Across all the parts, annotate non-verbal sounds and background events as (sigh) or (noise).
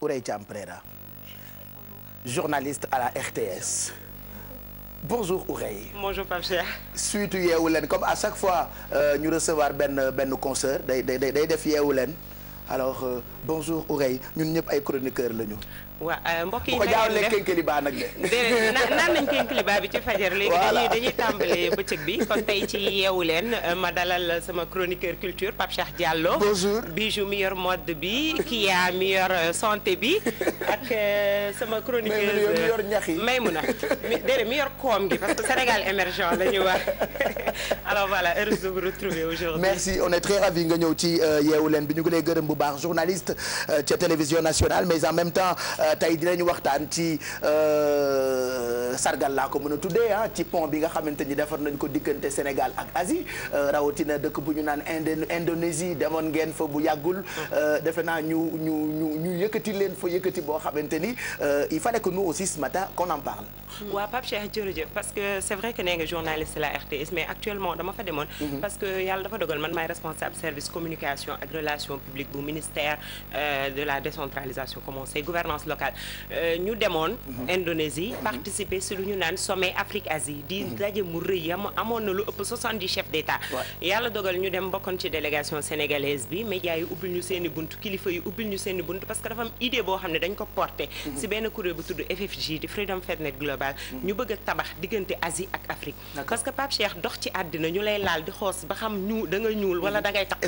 Ourey Thiam Prera journaliste à la RTS bonjour Ourey. bonjour Pape Cheikh. surtout leen comme à chaque fois euh, ñu recevoir benn benn consoeur day day day def yeewu leen. alors euh, bonjour Ourey ñun ñëpp ay chroniqueur la ñu. waaw euh, mbokk yi bu ko jaawalee kénkiliba nag de. déedéet naan nañ kénkiliba bi ci fajar léegi dañuy dañuy tàmbale bëccëg bi kon tey ci yeewu leen euh, ma dalal sama chroniqueur culture Pape Cheikh Diallo. bonjour Bijou mi yor mode bi Kia mi yor euh, santé bi ak sama chroniqueur. Maymuna mi yor ñax yi Maymuna mi yor koom gi parce que Sénégal émergent la ñu wax. (laughs) alors voilà heureuse de vous retrouver aujourd'hui merci on est très ravi nga ñëw ci euh, yeewu leen bi ñu ngi lay gërëm bu baax journaliste euh, ca télévision nationale mais en même temps euh, tey dinañu waxtaan ci sargal laa ko mën a tuddee ah ci pont bi nga xamante ni defar nañ ko diggante Sénégal ak Asie rawatina dëkk bu ñu naan Indonésie demoon ngeen fa bu yàggul defe naa ñu ñu ñu ñu yëkkati leen fa yëkkati boo xamante ni il fallait que nous aussi ce matin qu'on en parle waaw Pape Cheikh jërëjëf parce que c'est vrai que nee nga journaliste la RTS actuellement dama fa demoon. Mhm. parce que yàlla dafa dogal man maay responsable service communication ak relation publique bu ministère euh, de la décentralisation comment c'est gouvernance locale euh, ñu demoon. Mhm. Indonésie mhm. participer si lu ñu naan sommet Afrique Asie. di daje mu rëy am amoon na lu ëpp 70 chefs d'État. yàlla dogal ñu dem bokkoon ci délégation sénégalaise bi médias yi ubbil ñu seen bunt kilifa yi ubbil ñu seen bunt parce que dafa am boo xam ne dañ ko porté. si benn kuréel bu tudd FFG di Freedom Fed Net Global. ñu bëgg a tabax diggante Asie ak Afrique. parce àddina ñu lay laal di xoos ba xam ñu da nga ñuul wala da ngay takk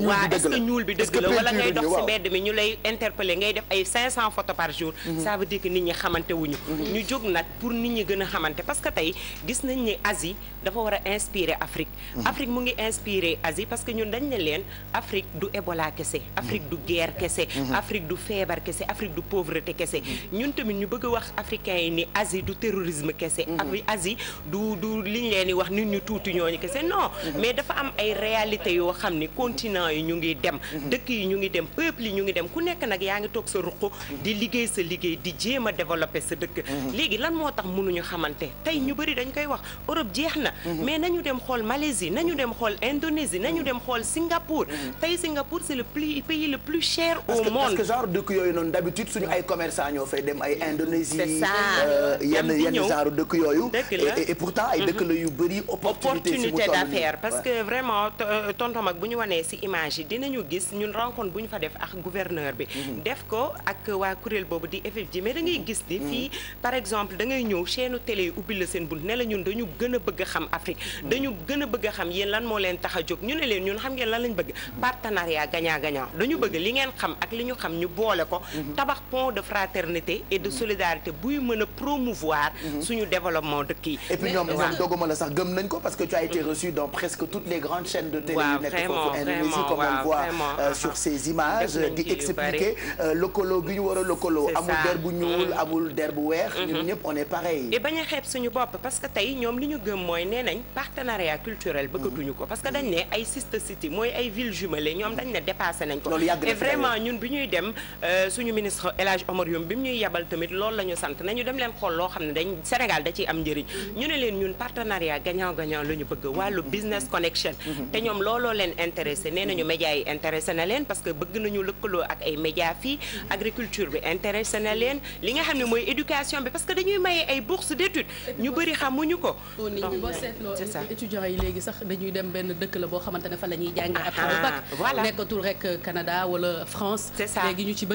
waa est-ce que ñuul bi dëgg la wala ngay dox si mbedd mi ñu lay interpeller ngay def ay 500 photos par jour mhm. ça veut dire que nit ñi xamante wuñu mhm. ñu jóg nag pour nit ñi gën a xamante parce que tey gis nañ ne Asie dafa war a inspirer Afrique mhm. Afrique mu ngi inspirer Asie parce que ñun dañ ne leen Afrique du Ebola kese Afrique du guerre kese Afrique du feebar kese Afrique du pauvreté kese ñun tamit ñu bëgg a wax africains yi ni Asie du terrorisme kese Asie du du liñ leen di wax nit ñu tuuti du ñooñu kese non mhm. mais dafa am ay réalité yoo xam ni continent yi ñu ngi dem mhm. dëkk yi ñu ngi dem peuple yi ñu ngi dem ku nekk nag yaa ngi toog sa ruq di liggéey sa liggéey di jéema a sa dëkk mhm. léegi lan moo tax munu ñu xamante tey ñu bëri dañ koy wax Europe jeex na mais nañu dem xool Malaisie ñu dem xool Indonésie ñu dem xool Singapour tey Singapour c'est le plus pays le plus cher au monde parce que genre dëkk yooyu noonu d'habitude suñu ay commerçant ñoo fay dem ay Indonésie euh, yenn yenn genre dëkk opportunité d'affaire parce que vraiment euh, tonton mag bu ñu wanee ci image yi dinañu gis ñun rencontre bu ñu fa def ak gouverneur bi mm-hmm. def ko ak waa kuréel boobu di effectif mais da mm-hmm. gis ni mm-hmm. fii par exemple da ngay ñëw chaîne télé yi ubbi la seen bunt ne la ñun dañu gën a bëgg xam Afrique dañu gën a bëgg xam yéen lan moo leen tax a jóg ñu ne leen ñun xam ngeen lan lañ bëgg partenariat gagnant gagnant dañu bëgg li ngeen xam ak li ñu xam ñu boole ko tabax pont de fraternité et de solidarité buy mën a promouvoir suñu développement dëkk yi que tu as été reçu dans presque toutes les grandes chaînes de télé yu nekk foofu Indonésie comme on voit euh, sur ces images di expliquer lëkkaloo euh, gi ñu war a lëkkaloo amul der bu ñuul mm. amul der bu weex mm-hmm. ñun ñëpp on est pareil et bañ a suñu bopp parce que tey ñoom li ñu gëm mooy nee nañ partenariat culturel bëggatuñu ko parce que dañ ne mm-hmm. ay sister city mooy ay villes jumelées ñoom dañ ne dépassé nañ ko et vraiment ñun bi ñuy dem euh, suñu ministre El Hadj Omar Youm bi mu ñuy yebal tamit la ñu sant nañu dem leen xool loo xam ne dañ Sénégal da ciy am njëriñ mm-hmm. la ñu bëgg wàllu business connection mhm. te ñoom looloo leen intéressé nee nañu mhm. médias intéressé na leen parce que bëgg nañu lëkkaloo ak ay médias fii mhm. agriculture bi intéressé na leen li nga xam ne mooy éducation bi parce que dañuy maye ay bourses d'études ñu bëri xamuñu ko nekkatul rek Canada wala France c'est ça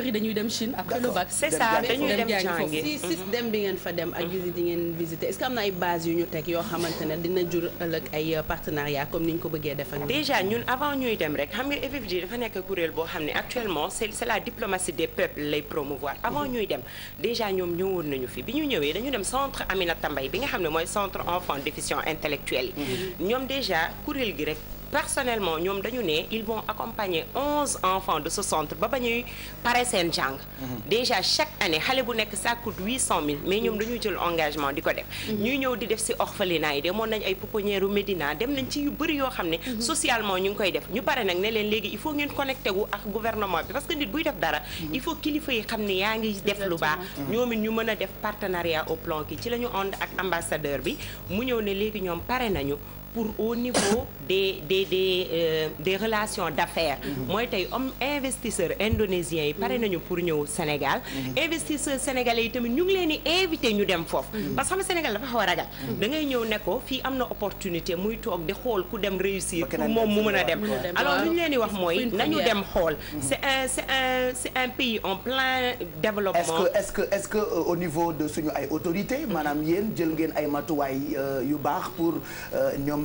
dañuy dem Chine après si dem bi ngeen fa dem ak visite yi ngeen visité est que am na ay base yu ñu teg yoo xamante dina jur euh, ëllëg ay euh, partenariat comme ni ñu ko bëggee defal. déjà ñun avant ñuy dem rek xam nga FFJ dafa nekk kuréel boo xam ne actuellement c'est c'est la diplomatie des peuples lay promouvoir avant ñuy dem déjà ñoom ñëwoon nañu fi bi ñu ñëwee dañu dem centre Aminata Mbaye bi nga xam ne mooy centre enfant déficient intellectuel yi mm-hmm. ñoom déjà kuréel gi rek. personnellement ñoom dañu ne ils vont accompagner onze enfants de ce centre ba ba ñuy pare seen jàng. Mhm. déjà chaque année xale bu nekk ça coûte huit cent mille mais ñoom dañuy jël engagement di ko def. Mhm. ñuy ñëw di def ci orphelinat yi demoon nañ ay pouponnière Médina dem nañ ci yu bëri yoo xam ne. Mhm. socialement ñu ngi koy def ñu pare nag ne leen léegi il faut ngeen connecté wu ak gouvernement bi parce que nit buy def dara. il faut kilifa yi xam ne yaa ngi def lu baax. ñoom it ñu mën a def partenariat au plan ci la ñu ànd ak ambassadeur bi mu ñëw ne léegi ñoom pare nañu. pour au niveau des des des euh, des relations d'affaires mhm. mooy tey homme investisseur indonésien yi pare mhm. nañu pour ñëw Sénégal mhm. investisseur sénégalais yi tamit ñu ngi leen di invité ñu dem foofu parce que xam nga Sénégal dafa xaw a ragal da ngay ñëw ne ko fii am na opportunité muy toog di xool ku dem réussir pour moom mu mën a dem alors li ñu leen di wax mooy nañu dem xool c'est un c'est un c'est un pays en plein développement est-ce que est-ce que euh, au niveau de suñu ay autorités maanaam yéen jël ngeen ay matuwaay euh, yu baax pour euh, ñoom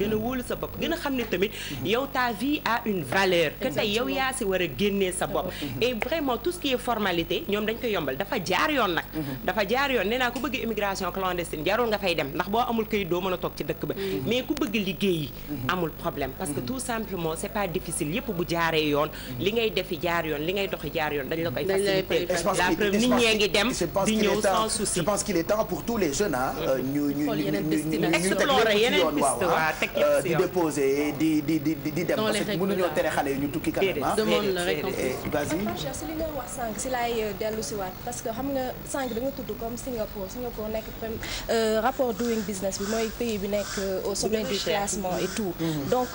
gën a wóolu sa bopp gën a xam ne tamit yow ta vie a une valeur que tey yow yaa si war a génnee sa bopp et vraiment tout ce qui est formalité ñoom dañ ko yombal dafa jaar yoon nag mhm. dafa jaar yoon nee naa ku bëgg immigration clandestine jarul nga fay dem ndax boo amul këyit doo mën a toog ci dëkk ba mhm. mais ku bëgg liggéeyi mhm. amul problème parce que tout simplement c'est pas difficile yëpp bu jaaree yoon li ngay defi jaar yoon li ngay doxi jaar yoon dañ la Euh, di déposer di di di di dem. parce que mënuñoo tere xale yi ñu tukki quand même ah. eh, y Cheikh si li nga wax sànq si laay euh, dellu si parce que xam nga sànq da nga tudd comme Singapour Singapour nekk euh, rapport doing business bi mooy pays bi nekk au sommet du classement et tout mhm. donc.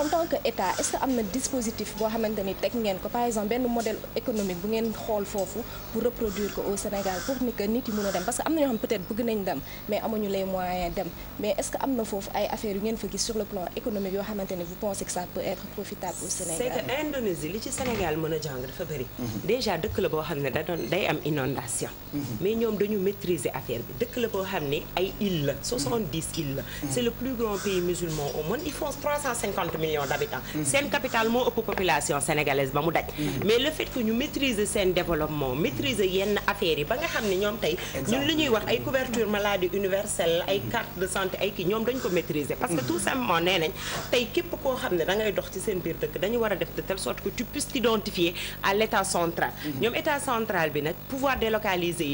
en tant que état est que am na dispositif boo xamante ni teg ngeen ko par exemple benn modèle économique bu ngeen xool foofu pour reproduire ko au Sénégal pour nit yi mën a dem parce que am na ñoo xam peut-être bëgg nañ dem mais amuñu les moyens dem mais est que am na foofu ay affaires yu ngeen fa gis sur le plan économique yoo xamante ni vous pensez que ça peut être profitable au Sénégal. c'est que Indonésie li ci Sénégal mën a jàng dafa bëri. Mhm. déjà dëkk la xam ne da doon day am inondation mhm. mais ñoom dañu maîtriser affaire dëkk la boo xam ne ay îles cinquante millions d' habitants. seen capital moo ëpp population sénégalaise ba mu daj. mais le fait que ñu maîtriser seen développement maîtriser yenn affaires yi ba nga xam ne ñoom tey. ñun li ñuy wax ay couverture maladie universelle ay carte de santé ay kii ñoom dañ ko maîtriser. parce que tout simplement nee tey képp koo xam ne da ngay dox ci seen biir dëkk dañu war a def de telle sorte que tu puisses t'identifier à l' état ñoom état central bi nag pouvoir délocaliser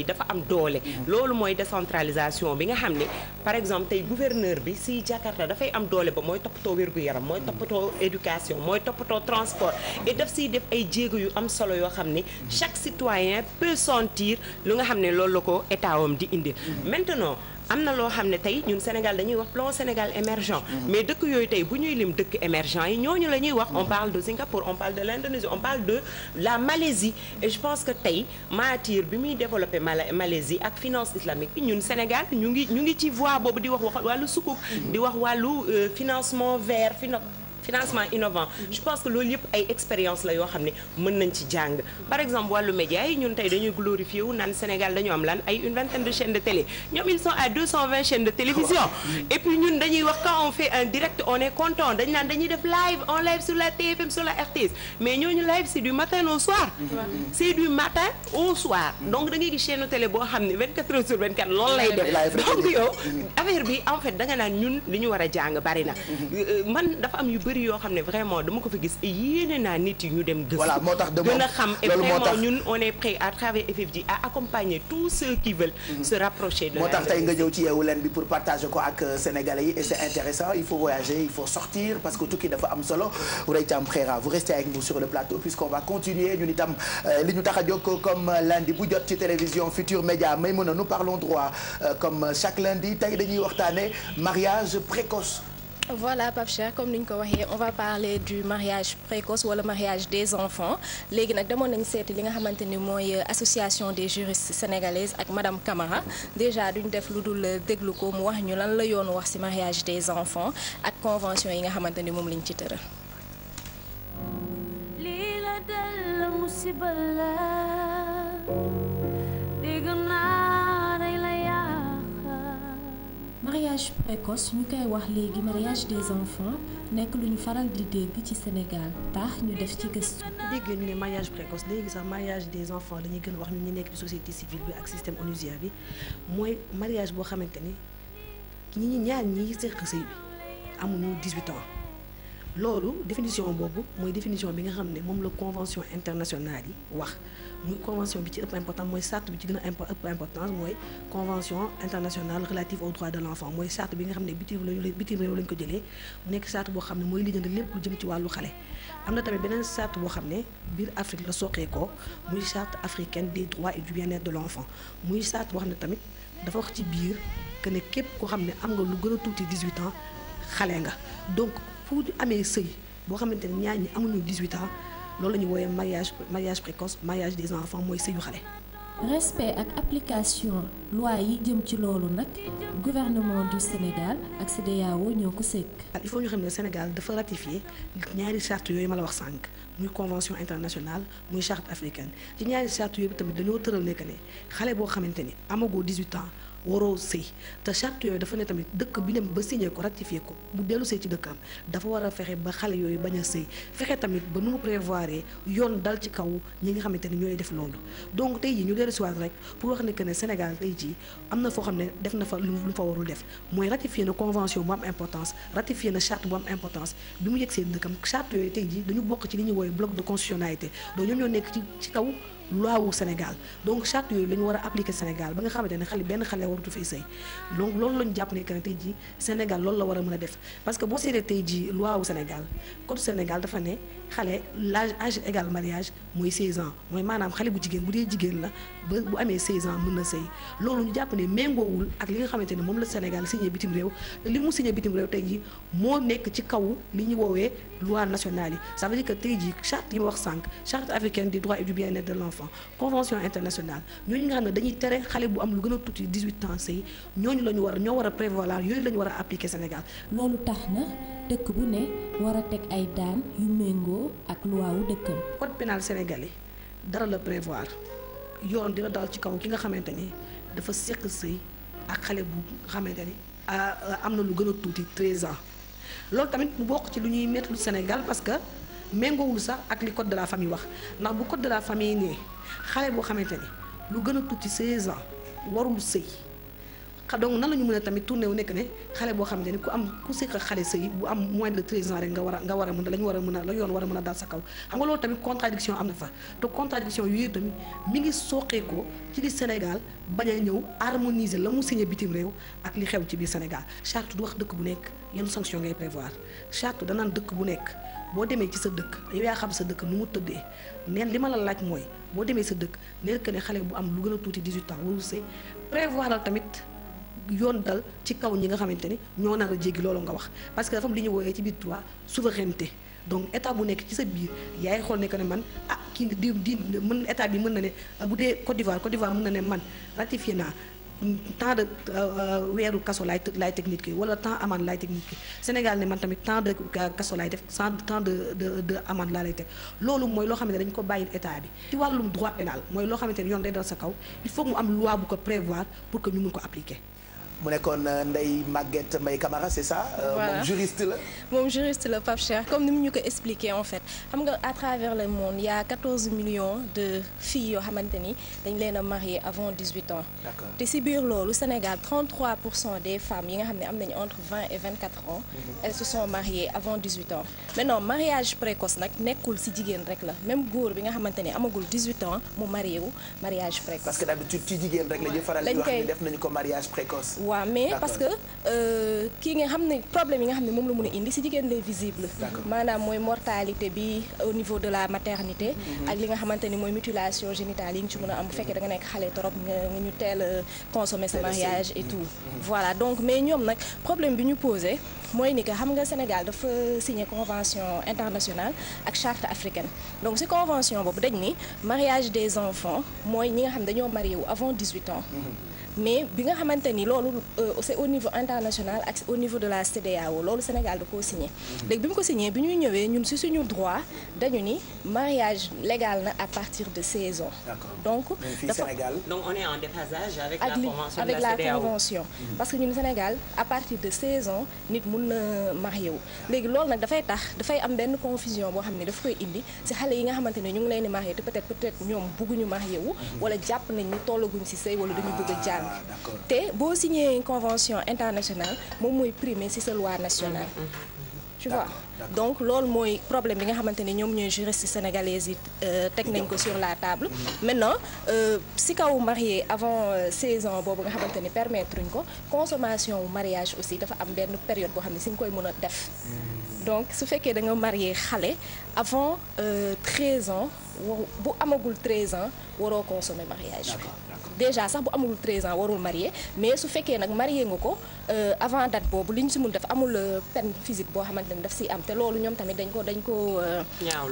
toppatoo éducation mooy toppatoo transport et daf siy def ay jéego yu am solo yoo xam ne chaque citoyen peut sentir lu nga xam ne loolu la ko état wam di indi maintenant am na loo xam ne tey ñun Sénégal dañuy wax plan Sénégal émergent mm-hmm. mais dëkk yooyu tey bu ñuy lim dëkk émergent yi ñooñu la ñuy wax on parle de Singapour on parle de l'Indonésie on parle de la Malaisie et je pense que tey Mahathir bi muy développé Malaisie ak finance islamique bi ñun Sénégal ñu ngi ñu ngi ci voie boobu di wax wàllu sukuk mm-hmm. di wax wàllu euh, financement vert finance financement innovant je pense que loolu yëpp ay expérience la yoo xam ne mën nañ ci jàng par exemple wàllu média yi ñun tey dañuy glorifié wu naan Sénégal dañu am lan ay une vingtaine de chaînes de télé ñoom ils sont à 220 chaînes de télévision et puis ñun dañuy wax quand fait un direct on est content dañ naan dañuy def live en live sur la TFM sur la RTS mais ñooñu live c'est du matin au soir mm. donc da ngay gis chaîne télé boo xam ne 24 bëri yoo xam ne vraiment dama ko fi gis yéene naa nit yi ñu dem gëstu moo tax gën a xam et vraiment ñun on est prêt à travers FFJ à accompagner tous ceux qui veulent mhm. se rapprocher de moo tax tey nga ñëw ci yeewu leen bi pour partager ko ak euh, sénégalais yi et c'est intéressant il faut voyager il faut sortir parce que tukki dafa am solo Houreye Thiam Préra vous restez avec nous sur le plateau puisqu'on va continuer ñun itam euh, li ñu tax a jóg comme euh, lundi bu jot ci télévision voilà Pape Cheikh comme ni ko waxee on va parler du mariage précoce wala mariage des enfants léegi nag demoon nañu seeti li nga xamante ni mooy euh, association des juristes sénégalaises ak madame Camara déjà duñ def lu dul euh, déglu ko mu wax ñu lan la yoon wax ci mariage des enfants ak convention yi nga xamante ni moom lañ ci tëral. musiba mariage précoce ñu koy wax léegi mariage des enfants nekk luñu faral di dégg ci Sénégal tax ñu def ci gëstu. dégg ñu ne mariage précoce léegi sax mariage des enfants la ñuy gën wax ñun ñu nekk ci société civile bi ak système onusien bi mooy mariage boo xamante ni ñi ñaar ñi seq sëy bi amuñu 18 ans loolu définition boobu mooy définition bi nga xam ne moom la convention internationale yi wax. muy convention bi ci ëpp important mooy charte bi ci gën a ëpp importance mooy convention internationale relative aux droits de l'enfant mooy charte bi nga xam ne bitim réew bitim réew lañ ko jëlee mu nekk charte boo xam ne mooy lijjanti lépp jëm ci wàllu xale am na tamit beneen charte boo xam ne biir Afrique la soqeekoo muy charte africaine des droits et du de l'enfant muy charte boo xam ne tamit dafa wax ci biir que ne képp koo xam ne am nga lu gën a tuuti 18 ans xale nga donc pour amee sëy boo xamante ne ñaar ñi amuñu 18 ans loolu la ñu wooyee mariage mariage précoce mariage des enfants mooy sëyu xale. respect ak application loi yi jëm ci loolu nag gouvernement du Sénégal ak CEDEAO ñoo ko sëkk. Ah, il faut ñu xam ne Sénégal dafa ratifié ñaari charte yooyu ma la wax sànq muy convention internationale muy charte africaine ci ñaari charte yooyu tamit dañoo tëral ne que ne xale boo xamante ni amagoo 18 ans. waroo sëy te charte yooyu dafa ne tamit dëkk bi dem ba signé ko ratifié ko bu dellu see ci dëkkam dafa war a fexe ba xale yooyu bañ a sëy fexe tamit ba nu mu prévoir yoon dal ci kaw ñi nga xamante ni ñooy def loolu donc tey jii ñu dellu si waat rek pour wax ne que ne Sénégal tey jii am na foo xam ne def na fa lu mu fa warul def mooy ratifié na convention bu am importance ratifié na charte bu am importance bi mu yegg seen dëkkam charte yooyu tey jii dañu bokk ci li ñuy woowee bloc de constitutionnalité donc ñoom nekk ci ci kaw loi Sénégal donc charte yooyu la ñu war a appliquer Sénégal ba nga xamante ne xale benn xale waratu fay sëy donc loolu la ñu jàpp ne que ne Sénégal loolu la war a mën a def parce que boo seetee tey jii loi wu Sénégal code Sénégal dafa ne xale l'âge âge égal mariage mooy 16 ans mooy maanaam xale bu jigéen bu dee jigéen la ba bu amee 16 ans mën na sëy loolu ñu jàpp ne méngoowul ak li nga xamante ne moom la Sénégal signé bitim réew li mu signé bitim réew tey jii moo nekk ci kaw li ñu woowee loi nationale yi ça veut dire que tey jii charte yi ma wax sànq charte africaine des droits et du bien-être de l'enfant convention internationale ñooñu nga xam ne dañuy tere xale bu am lu gën a tuuti 18 a a appliquer a méngoo ak lu wu dëkkam. code pénal sénégalais dara la prévoir yoon dina dal ci kaw ki nga xamante ni dafa seq sëy ak xale bu xamante ni am na lu gën a tuuti 13 ans loolu tamit mu bokk ci lu ñuy métti Sénégal parce que méngoowul sax ak li code de la famille wax ndax bu code de la famille nee xale boo xamante ni lu gën a tuuti 16 ans warul sëy. donc nan la ñu mën a tamit tourné wu nekk ne xale boo xam ne ku am ku seq xale sëy bu am moins de 13 rek nga war a nga war a mën a la ñu war a mën a la yoon a a daal sa kaw xam nga loolu tamit contradiction am na fa te contradiction yooyu tamit mi ngi sooqeekoo ci li Sénégal bañ a ñëw harmoniser la mu signé bitim réew ak li xew ci biir Sénégal charte du wax dëkk bu nekk yan sanction ngay prévoir charte danaan dëkk bu nekk boo demee ci sa dëkk yow yaa xam sa dëkk nu mu tëddee neen li ma la laaj mooy boo demee sa dëkk neel que ne xale bu am lu gën tuuti 18 ans warul sëy prévoir la tamit yoon dal ci kaw ñi nga xamante ni ñoo naan a jéggi loolu nga wax parce que dafa li ñu wooyee ci biir droit souveraineté donc état bu nekk ci sa biir yaay xool ne que ne man ah kii di di mën état bi mën na ne bu dee Côte d'Ivoire Côte d'Ivoire mën na ne man ratifié naa temps de euh, euh, weeru kaso laay laay teg nit ki wala temps amende laay teg nit ki Sénégal ne man tamit temps de euh, kaso laay def sans temps de de de laa lay teg loolu mooy loo xamante ne dañ ko bàyyi état bi ci wàllum droit pénal mooy loo xamante ne yoon day dal sa kaw il faut mu am loi bu ko prévoir pour que ñu mun ko appliquer mu nekkoon euh, Ndeye Maguette Mbaye Camara c'est ça. Euh, voilà moom juriste la. moom juriste la Pape Cheikh comme ni mu ñu ko expliqué en fait xam nga à travers le monde y a millions de filles yoo xamante ni dañ leen a marié avant 18 ans. d'accord te si biir loolu Sénégal 33 pour cent des femmes yi nga xam ne am nañu entre 20 et 24 ans. Mhm. elles se sont mariées avant 18 ans. maintenant mariage précoce nag nekkul si jigéen rek la même góor bi nga xamante ni amagul 18 ans mu marié wu mariage précoce. parce que d'habitude ci jigéen rek def nañu ko mariage précoce. waaw mais parce que euh, kii nga xam ne problème yi nga xam ne moom la mun a indi si jigéen les visibles maanaam mooy mortalité bi au niveau de la maternité mhm. ak li nga xamante ni mooy mutilation génitale yi nga ci mën a am bu fekkee nga nekk xale trop nga ñu teel a consommer sa mariage et mhm. tout mhm. voilà donc mais ñoom nag problème bi ñu posé mooy ni que xam nga Sénégal dafa signé convention internationale ak charte africaine donc si convention boobu dañ ni mariage des enfants mooy ñi nga xam dañoo marié wu avant 18 ans mais bi nga xamante ni loolu euh, c'est au niveau international ak au niveau de la CEDEAO loolu Sénégal da koo signé. Mhm. léegi bi mu ko signé bi ñuy ñëwee ñun si suñu droit dañu ni mariage légal na à partir de 16 ans. donc dafa donc on est en déphasage avec la convention avec la convention mhm. parce que ñun Sénégal à partir de 16 nit mun na marié wu. léegi loolu nag dafay tax dafay am benn confusion boo xam ne daf koy indi si xale yi nga xamante ne ñu ngi leen di marié te peut-être peut-être ñoom bëgguñu marié wu. Mhm. wala jàpp nañ ni tollaguñ si sëy wala dañu bëgg a Ah, te boo signé convention internationale moom mooy primer ci sa loi nationale. Mm-hmm. tu donc loolu mooy problème bi nga xamante ne ñoom ñooy juristes sénégalais yi euh, teg nañ ko sur la table. Mm-hmm. maintenant euh, si kaw marié avant 16 euh, boobu nga xamante ne permettre ñu ko consommation mariage aussi dafa am benn période boo xam ne si koy mën a def. Mm-hmm. donc su fekkee da nga xale avant 13 ans bu amagul 13 ans waroo consommer mariage. déjà sax bu amul 13 ans warul marié mais su fekkee nag marié nga ko Euh, avant date boobu li ñu si mun def amul euh, peine physique boo xamante ne daf si am te loolu ñoom tamit dañ ko dañ ko euh,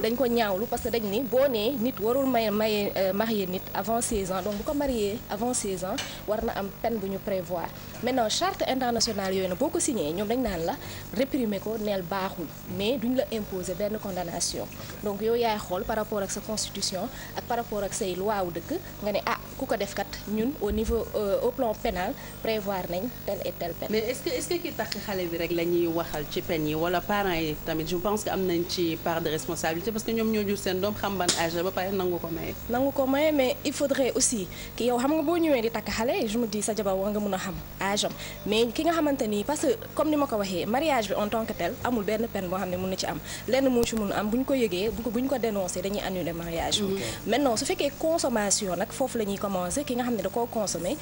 dañ ko ñaawlu parce que dañ ni boo nee nit warul may may marier nit avant 16 ans donc bu ko marier avant 16 ans war na am peine bu ñu prévoir maintenant charte internationale yooyu na boo ko signé ñoom dañ naan la réprimer ko neel baaxul mais duñ la imposer benn condamnation donc yow yaay xool par rapport ak sa constitution ak par rapport ak say loi wu dëkk nga ne ah ku ko def kat ñun au niveau au plan prévoir nañ mais est-ce que est-ce takk xale bi rek la ñuy waxal ci peine yi wala parents yi tamit je pense que am nañ ci part de responsabilité parce que ñoom ñoo jur seen doom xam ban âge la ba pare nangu ko maye. nangu ko maye di takk xale je me dis sa jabar war nga a xam âge ki nga xamante ni parce que comme ni ma ko waxee mariage bi en tant que tel amul benn peine boo na ci am lenn moo ci mën am bu ñu ko ko dénoncé dañuy annuler mariage bi. maintenant su fekkee consommation foofu la ñuy commencé ki nga xam ne da koo consommé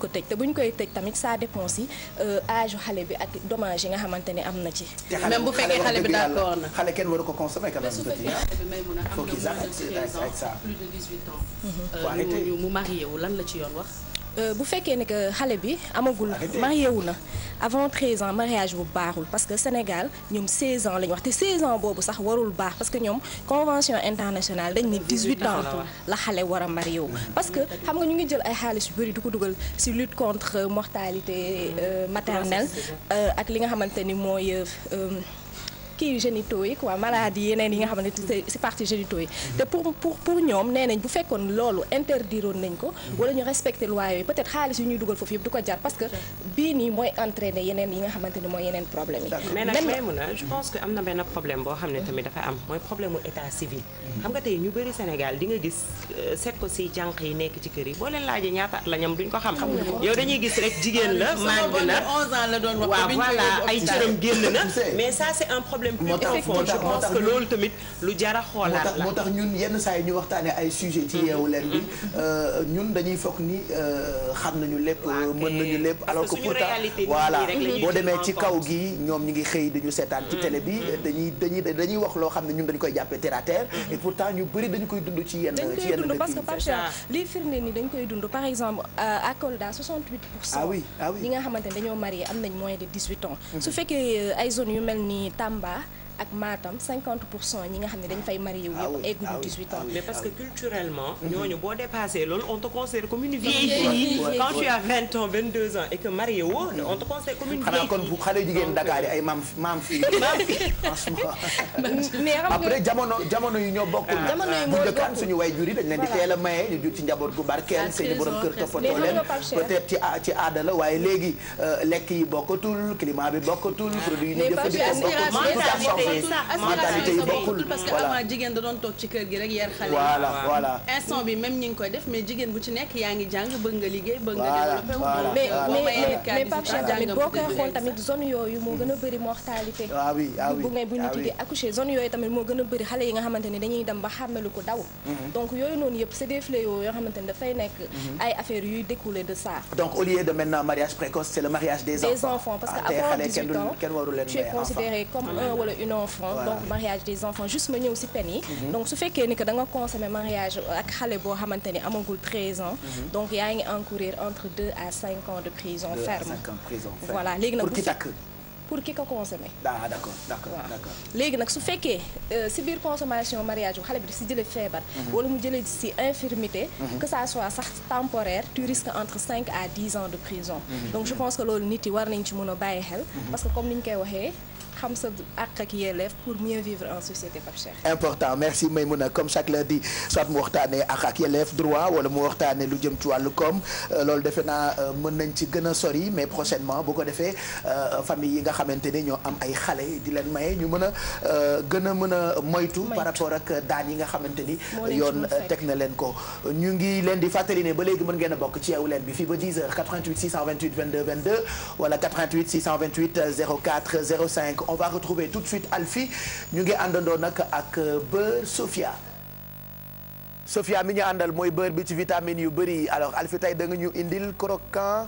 ko tëj te bu ñu koy tëj tamit ça dépend yi Euh, âge xale bi ak dommage yi nga xamante ne am na ci. même bu fekkee xale bi d'accord na xale kenn waru ko consommer quand même. mais a am na plus de 18 mu euh, marié wu lan la ci yoon wax. Euh, bu fekkee ne xale bi amagul marié wu na avant 13 ans mariage bu baaxul parce que Sénégal ñoom 16 ans la ñu wax te 16 ans boobu sax warul baax parce que ñoom convention internationale dañ ni 18 ans la xale war a marié parce que xam nga ñu ngi jël ay xaalis yu bëri du ko dugal ci lute contre mortalité euh, maternelle euh, ak li nga xamante ni mooy. kii maladie yeneen yi nga xamante ne partie génitaux yi mm-hmm. te pour pour ñoom nee bu fekkoon loolu interdiroon nañ ko mm-hmm. wala ñu respecté loi yooyu peut xaalis yu ñuy dugal foofu yëpp du ko jar parce que bii nii mooy entraîner yeneen yi nga xamante ne mooy yeneen problème yi mais nag mais mun a je am na benn problème boo xam ne tamit dafa am mooy problème état civil mm-hmm. xam nga tey ñu bëri Sénégal di gis euh, seet ko ci jànq yi nekk ci kër yi boo même plus profonde je pense que loolu tamit lu jar a xoolaat la moo tax ñun yenn saa yi ñu waxtaanee ay sujet ci yeewu leen bi euh, ñun dañuy foog ni euh, xam nañu lépp mën nañu lépp alors que pourtant voilà boo demee ci kaw gi ñoom ñu ngi xëy dañu seetaan ci mm. télé bi mm. dañuy dañuy dañuy wax loo xam ne ñun dañu koy jàppee terre à terre mm-hmm. et pourtant ñu bëri dañu koy dund ci yenn ci yenn dund parce koy dund par exemple euh, à Kolda 68 pour cent ah ah ñi nga xamante ne dañoo marié am nañ moins de 18 ans mm-hmm. su fekkee ay zone yu mel ni Tamba ak Matam 50 pour cent ñi nga xam ne dañ fay marié wu ah yëpp egguñu 18 ah ah ans. mais parce que culturellement. Mhm. ñooñu boo dépassé loolu on te considère mhm. kon bu xale jigéen Dakar yi ay maam maam fii. (laughs) (laughs) mais xam après jamono jamono yi ñoo bokk jamono bu njëkkaan suñu way jur dañ leen di teel a maye ñu jur ci njaboot gu barkeel seeni borom kër toppatoo leen peut-être ci ci aada la waaye léegi euh, lekk yi bokkatul climat bi bokkatul produit yi ñu jëfandikoo bokkatul mentalité yi bokkul parce que avant jigéen da doon toog ci kër gi rek yar xale koy def mais jigéen bu ci nekk yaa ngi jàng bëgg nga liggéey bëgg nga développé mais Pape Cheikh tamit boo koy xool tamit zone a bëri ah ah ah yooyu tamit moo gën a bëri xale yi nga xamante ne dañuy dem ba xàmmelu ko daw mhm. donc yooyu noonu yëpp c'est des fléaux yoo xamante ne dafay nekk mhm. ay affaires yuy découler de ça donc au lieu de maintenant mariage précoce c'est le mariage des enfants parce que avant 18 ans tu considéré comme un mhm. wala une enfant donc mariage des enfants juste ma ñëw si pen yi mhm. donc su fekkee ni que da nga consommer mariage ak xale boo xamante ni amagul 13 ans mhm. donc yaa ngi encourir entre 2 à 5 ans de prison ferme voilà léegi nag pour ki ko consommé. ah d'accord d'accord léegi nag su fekkee si euh, biir consommation mariage bu xale bi di si jëlee feebar. Mhm. wala mu jëlee si infirmité. que ça soit sax temporaire tu risques entre cinq à dix ans de prison. donc je pense que loolu nit yi war nañ ci mën a bàyyi xel. parce que comme ni ñu koy waxee. xam sa àq ak yelleef pour mieux vivre en société Pape Cheikh. important merci Maymouna comme chaque lundi soit mu waxtaanee àq ak yelleef droit wala mu waxtaanee lu jëm ci wàllu koom euh, loolu defe naa euh, mën nañ ci gën a sori mais prochainement bu ko defee euh, famille yi nga xamante ni ñoo am ay xale di leen maye ñu mën a gën moytu. par rapport ak daan yi nga xamante ni. yoon teg na leen ko. ñu ngi leen di fàttali ne ba léegi mën ngeen a bokk ci yeewu leen bi fii ba 10 heures 88 628 22 22 wala 88 628 04 on va retrouver tout de suite Alfie ñu ngi àndandoo nag ak euh, beurre Sofia Sofia mi ñu àndal mooy bër bi ci vitamine yu bëri alors Alfie tey da nga ñu indil croquant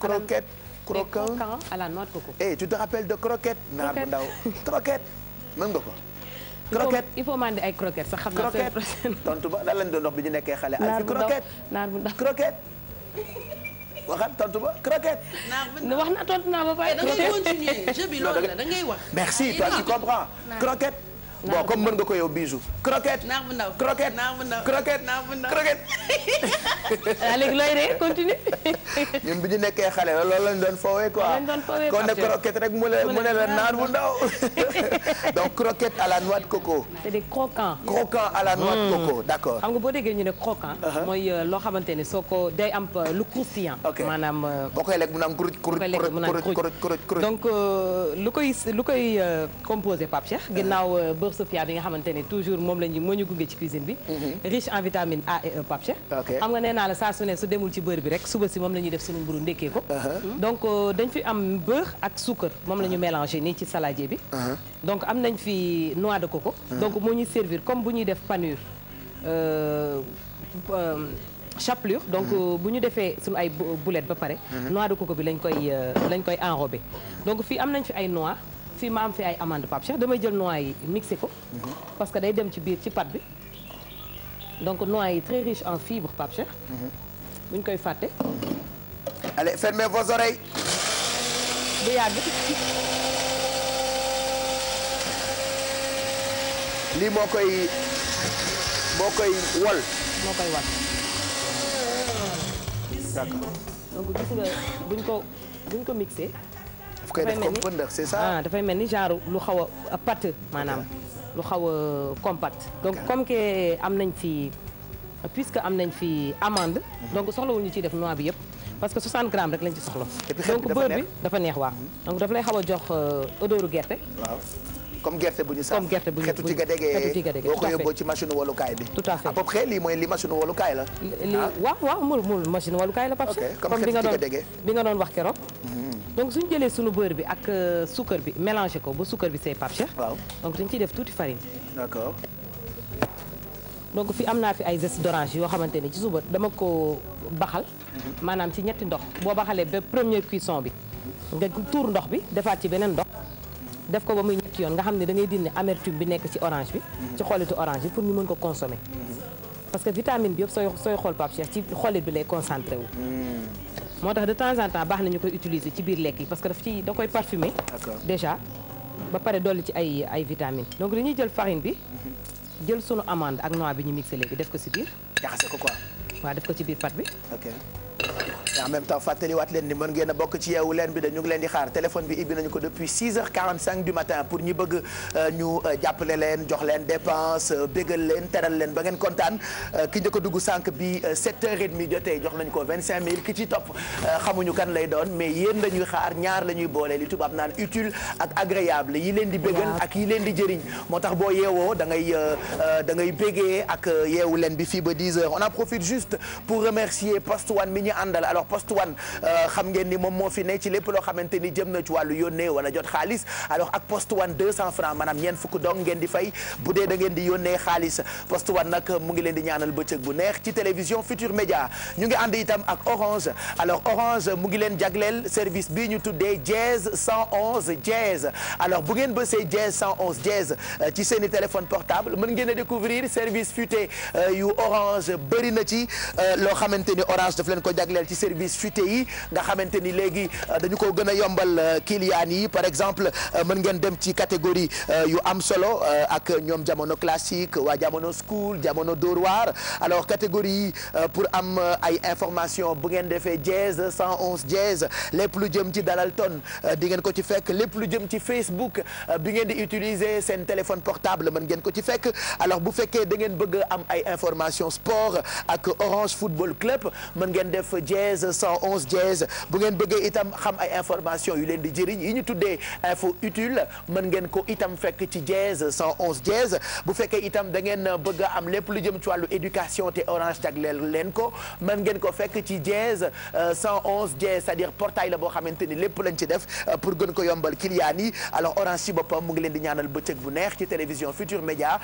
croquette croquant à la noix de coco eh tu te rappelles de croquette naar bu ndaw croquette (laughs) mën nga ko croquette il tontu ba lan lañ doon dox bi ñu nekkee xale Alfie croquette (laughs) waxaat tontu ba croquette. wax na tontu naa ba pare. da ngay continuer jeu bi loolu la da ngay wax. merci toi tu comprends croquette. bon comme mën nga ko yow bijou croquette naax bu ndaw croquette naax bu ndaw croquette naax bu ndaw croquette (laughs) ah, léegi looy ree continue (laughs) ñun bi ñu nekkee xale doon foowee quoi ko ne croquette rek mu ne mu ne la naax bu ndaw (laughs) croquette à la noix de coco c'est des croquants la hmm. ñu ne croquant uh-huh. mooy euh, loo xamante ne soo ko day am euh, lu croustillant maanaam euh, boo koy lekk mu naan kuruj kuruj kuruj kuruj kuruj donc lu koy lu koy composé Pape uh-huh. Sofia bi nga xamante ni toujours moom la ñu moo ñu gunge ci cuisine bi mhm. riche en vitamine A et E Pape Cheikh xam nga nee naa la saa su ne su demul ci beurre bi rek suba si moom la ñuy def suñu mburu ndekkee ko uh-huh. mhm. donc euh, dañ fi am beurre ak suukar moom la ñu uh-huh. mélangé nii ci saladier bi uh-huh. donc am nañ fi noix de coco donc moo ñuy servir comme bu ñuy def panure euh, euh, chapelure donc bu ñu defee suñu ay boulettes ba pare noix de coco bi lañ koy lañ koy enrobé donc fii am nañ fi ay noix fii ma am fi ay amande Pape Cheikh damay jël noix yi mixé ko. Mhm. parce que day dem ci biir ci pat bi. donc noix yi très riche en fibres Pape mhm. buñ koy fàtte. Mhm. allez fermez vos oreilles. du yàgg. lii moo koy moo koy wol. moo koy wol. d'accord donc gis nga buñ ko buñ ko mixé. koy def comme pëndëx c'est ça ah, dafay mel ni genre lu xaw a maanaam lu xaw a compact donc comme que am nañ fi puisque am nañ fi amande mhm. donc soxlawul ñu ciy def noix bi yëpp parce que 60 grammes rek lañ ci soxla donc beurre bi dafa neex waa mhm. donc daf lay xaw a jox euh, odoru gerte waaw comme gerte bu ñu sax comme gerte bu xetu ci gadege boo ko yóbboo ci machine wolukaay bi tout à fait à lii mooy li machine wolukaay la ah. waaw waaw mul mul machine wolukaay la parce que comme bi nga doon wax keroog mhm. donc suñu jëlee suñu beurre bi ak euh, suukar bi mélangé ko ba suukar bi say Pape Cheikh. waaw donc dañ ciy def tuuti farine. d'accord. donc fi am naa fi ay zeste d'orange yoo xamante ni ci suba dama ko baxal. Mhm. maanaam ci ñetti ndox boo baxalee ba première cuisson bi. nga tuur ndox bi defaat ci beneen ndox. def ko ba muy ñetti yoon nga xam ne da ngay dindi bi nekk ci orange bi. Mhm. ci xolitu orange bi pour ñu mën ko consommer. Mhm. parce que vitamine bi yëpp sooy sooy xool Pape Cheikh ci xolit bi lay concentré wu. moo tax de temps en temps baax na ñu koy utiliser ci biir lekk yi parce que daf ci da koy parfumer déjà ba pare dolli ci ay ay vitamines donc dañuy jël farine bi mhm. jël sunu amande ak noix bi ñu mixé léegi def ko si biir jaxase ko quoi waaw def ko ci biir fat bi en même temps fàttaliwaat leen ni mën ngeen a bokk ci yeewu leen bi dañu ngi leen di xaar téléphone bi ibbi nañu ko depuis 6h45 du matin pour ñi bëgg euh, ñu euh, jàppale leen jox leen dépense euh, bégal leen teral leen ba ngeen kontaan ki njëkk a dugg sànq bi 7h30 jotee jox nañu ko 25000 ki ci topp xamuñu kan lay doon mais yéen dañuy xaar ñaar la ñuy boole li tubaab naan utile ak agréable yi leen di bégal ak yi leen di jëriñ moo tax boo yeewoo da ngay da ngay bégee ak yeewu leen bi fii ba 10h ñu àndal alors poste one euh, xam ngeen ni moom moo fi ne ci lépp loo xamante ni jëm na ci wàllu yónnee wala jot xaalis alors ak poste one 200 francs maanaam ñeent fukk dong ngeen di fay bu dee da ngeen di yónnee xaalis poste one nag mu ngi leen di ñaanal bëccëg bu neex ci télévision Futur Média ñu ngi ànd itam ak Orange alors Orange mu ngi leen jagleel service bi ñu tuddee Jazz 111 Jazz alors bu ngeen bësee Jazz 111 Jazz euh, ci seeni téléphone portable mën ngeen a découvrir service futé euh, yu Orange bëri na ci loo xamante ni Orange daf leen jagleel ci service fuité yi nga xamante ni léegi euh, dañu ko gën a yombal euh, client yi par exemple euh, mën ngeen dem ci catégorie yu am solo ak ñoom jamono classique waa jamono school jamono Dóor waar alors catégorie pour am ay information bu ngeen defee jazz 111 jazz lépp lu jëm ci Dalton di ngeen ko ci fekk lépp lu jëm ci Facebook bi ngeen di utiliser seen téléphone portable mën ngeen ko ci fekk alors bu fekkee da ngeen bëgg am ay information sport ak Orange Football Club mën ngeen def 9 dièse 111 dièse bu ngeen bëggee itam xam ay information yu leen di jëriñ yi ñu tuddee info utile mën ngeen ko itam fekk ci dièse 111 dièse bu fekkee itam da ngeen bëgg am lépp lu jëm ci wàllu éducation te orange jagleel leen ko mën ngeen ko fekk ci dièse 111 dièse c'est-à-dire portail la boo xamante ni lépp lañ ci def pour gën ko yombal client yi alors orange ci boppam mu ngi leen di ñaanal bëccëg bu neex ci télévision Futur Média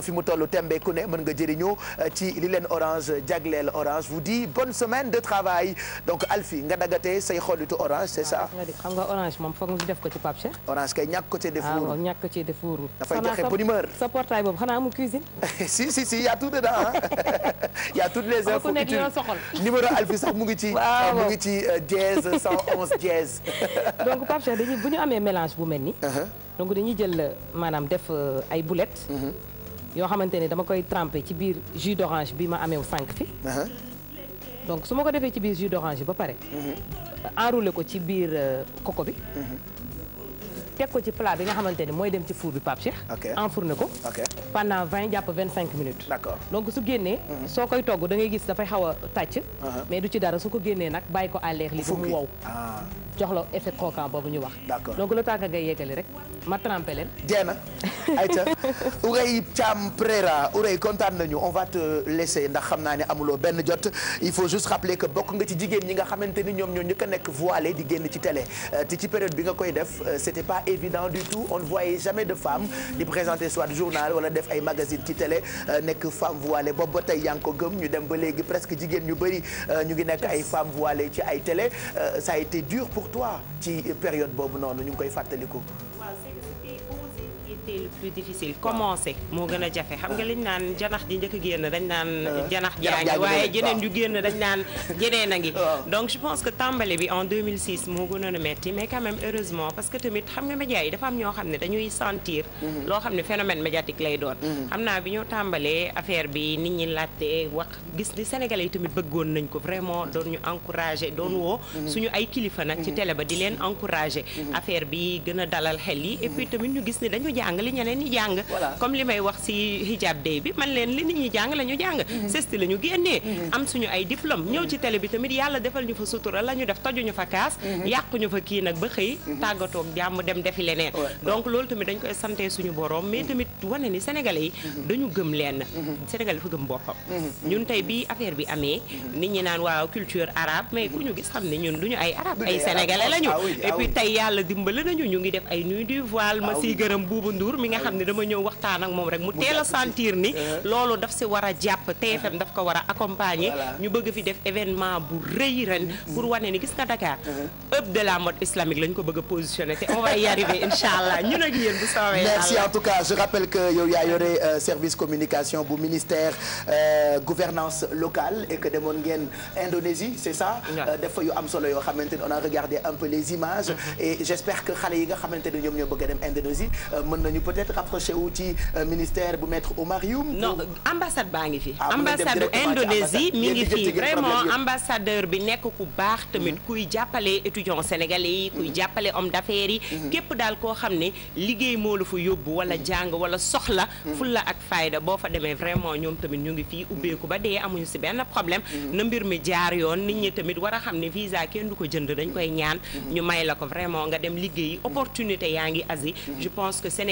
fi mu tollu tembe ne mën nga jëriñoo ci li leen orange jagleel orange vous dit bonne semaine le travail donc Alfi nga te say xolitu orange c'est ça. Ah, xam nga orange moom foog ñu def ko ci Pape Cheikh. orange kay ñàkk ko cee def. wóorul waaw ñàkk joxe bonne sa portail boobu xanaa amul cuisine. (laughs) si si si a tout dedans ah (laughs) y' a toutes les infos utiles (laughs) numéro Alfi sax mu ngi ci. waaw euh, mu ngi ci euh, dièse 111 dièse. donc Pape Cheikh dañuy bu ñu amee mélange bu mel ni uh-huh. donc dañuy jël euh, maanaam def ay boulettes. Uh-huh. yoo xamante ne dama koy tremper ci biir jus d'orange bi ma amee sànq fi uh-huh. donc su ma ko defee ci biir jus d'orange ba pare. Mhm. enroulé ko ci biir euh, coco bi. Mhm. teg ko ci plat bi nga xamante ni mooy dem ci four bi Pape Cheikh. enfourné ko. pandant vingt jàpp vingt cinq minutes. d'accord donc su génnee. Mhm. soo koy togg da gis dafay xaw a tàcc. mais du ci dara su ko génnee nag bàyyi ko à l'air li ba mu wow. Ah. jox la effet croquant boobu ñu wax. d'accord donc le temps que ngay yeggali rek ma trempé leen. jeex na. Aïcha Ourey Thiam Préra Ourey kontaan nañu on va te laisser ndax xam naa ne amuloo benn jot il faut juste rappeler que bokk nga ci jigéen ñi nga xamante ni ñoom ñoo ñu a nekk voilé di génn ci télé euh, te ci période bi nga koy def euh, c'était pas évident du tout on ne voyait jamais de femme di présenter soit journal wala def ay magazine ci télé euh, nekk femme voilée boobu ba tey yaa ngi ko gëm ñu dem ba léegi presque jigéen ñu bëri ñu ngi nekk ay femmes voilées ci ay télé ça a été dur ci période boobu noonu ñu ngi koy fàttaliku. été le commencer moo gën a jafe xam nga liñ naan janax ji njëkk génn dañ naan euh, janax jaa ngi waaye jeneen ju génn dañ naan jeneen a ngi donc je pense que tàmbali bi en 2006 moo gënoon a metti mais quand même heureusement parce que tamit xam nga médias yi dafa am ñoo xam ne dañuy sentir mhm. loo xam ne phénomène médiatique lay doon mhm. xam naa bi ñoo tàmbalee affaire bi nit ñi laajte wax gis ni Sénégalais yi tamit bëggoon nañ ko vraiment doon ñu encouragé doon mhm. woo suñu ay kilifa nag ci télé ba di leen encouragé affaire bi gën a dalal xel ñu gis ni jàng li ñeneen ñi jàng comme li may wax si hijab day bi man leen li nit ñi jàng la ñu jàng sesti mm-hmm. mm-hmm. la ñu génnee mm-hmm. am suñu ay diplôme ñëw ci télé bi tamit yàlla defal ñu fa sutura la ñu def tojuñu fa kaas yàquñu fa kii nag ba xëy tàggatoog jàmm dem defi leneen donc loolu tamit dañ koy sante suñu borom mais tamit wane ni sénégalais yi dañu gëm leen sénégal dafa gëm boppam ñun tey bi affaire bi amee nit ñi naan waaw culture arabe mais ku ñu gis xam ne ñun duñu ay arabe ay sénégalais lañu ah ah et puis tey du voile Ndour mi nga xam ni dama ñëw waxtaan ak moom rek mu teel a sentir ni uh-huh. loolu daf si war a jàpp TFM uh-huh. daf ko war a accompagner ñu bëgg fi def événement bu rëy ren mm-hmm. pour wane ni gis nga Dakar uh-huh. hub de la mode islamique lañ ko bëgg a positionner te on va y arriver incha allah ñun ak yéen bu soobee merci en tout cas je rappelle que yow yaa yore euh, service communication euh, euh, am solo yoo xamante ne on a regardé un peu les images mm-hmm. et j'espère que xale yi nga xamante ne ñoom ñoo bëgg a dem Indonésie mën na nañu peut-être rapproché wu ci euh, bu maître Oumar Youm. non baa ngi fi. Ah, ambassade bu Indonésie mi ngi fi vraiment ambassadeur bi nekk ku baax tamit mm-hmm. kuy jàppale étudiants sénégal yi. kuy mm-hmm. jàppale om d'affaires yi. Mm-hmm. képp daal koo xam ne liggéey moo la fa yóbbu wala jàng wala soxla. fulla ak fayda boo fa demee vraiment ñoom tamit ñu ngi fii ubbeeku ba dee amuñu si benn problème. na mbir mi jaar yoon nit ñi tamit war a xam ne visa kenn du ko jënd dañ koy ñaan. ñu may la ko vraiment nga dem liggéeyi opportunité yaa ngi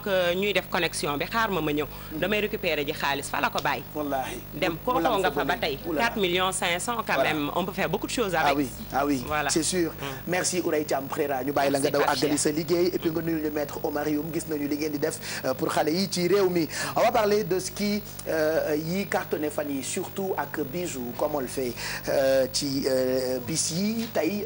temps que ñuy def connexion bi xaar ma ma ñëw damay récupérer ji xaalis fa la ko bàyyi wallaahi dem kookoo nga fa ba tey 4 millions 500 quand même on peut faire beaucoup de choses ah avec ah c'est sûr mm. merci Ourey Thiam Préra ñu bàyyi la nga daw àggali sa liggéey et puis nga nuyul ñu maître Omar Youm gis nañu li ngeen def euh, pour xale yi ci réew mi on va parler de ski euh, yi cartonné fan yi surtout ak bijou comme on le fait euh, ci bis yi tey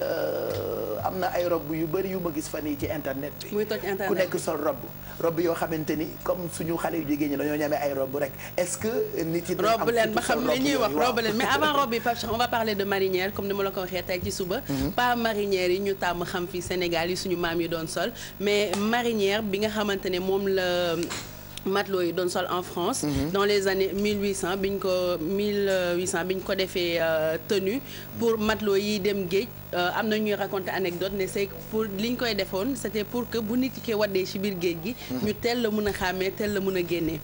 am na ay rob yu bëri yu ma gis fan yi ci internet bi ku nekk sol rob yoo xamante ni comme suñu xale yu jigéen ñi dañoo ñamee ay robe rek est-ce que nit yi robe leen ba xam li ñuy wax robe mais avant robe yi (laughs) Pape Cheikh on de marinière comme ni ma la ko waxee tey ci suba mhm. pas marinière yi ñu tàmm xam fii Sénégal yi suñu maam yi doon sol mais marinière bi nga xamante moom la matelot yi doon sol en France. Mhm. dans les années bi ñu ko bi ñu ko defee euh, tenue pour matelot yi dem géej euh, am na ñuy raconter anecdote ne c'est pour li liñ koy defoon c'était pour que bu nit ki koy waddee ci biir géej gi. Mhm. ñu teel la mun a xàmmee teel la mun a génnee.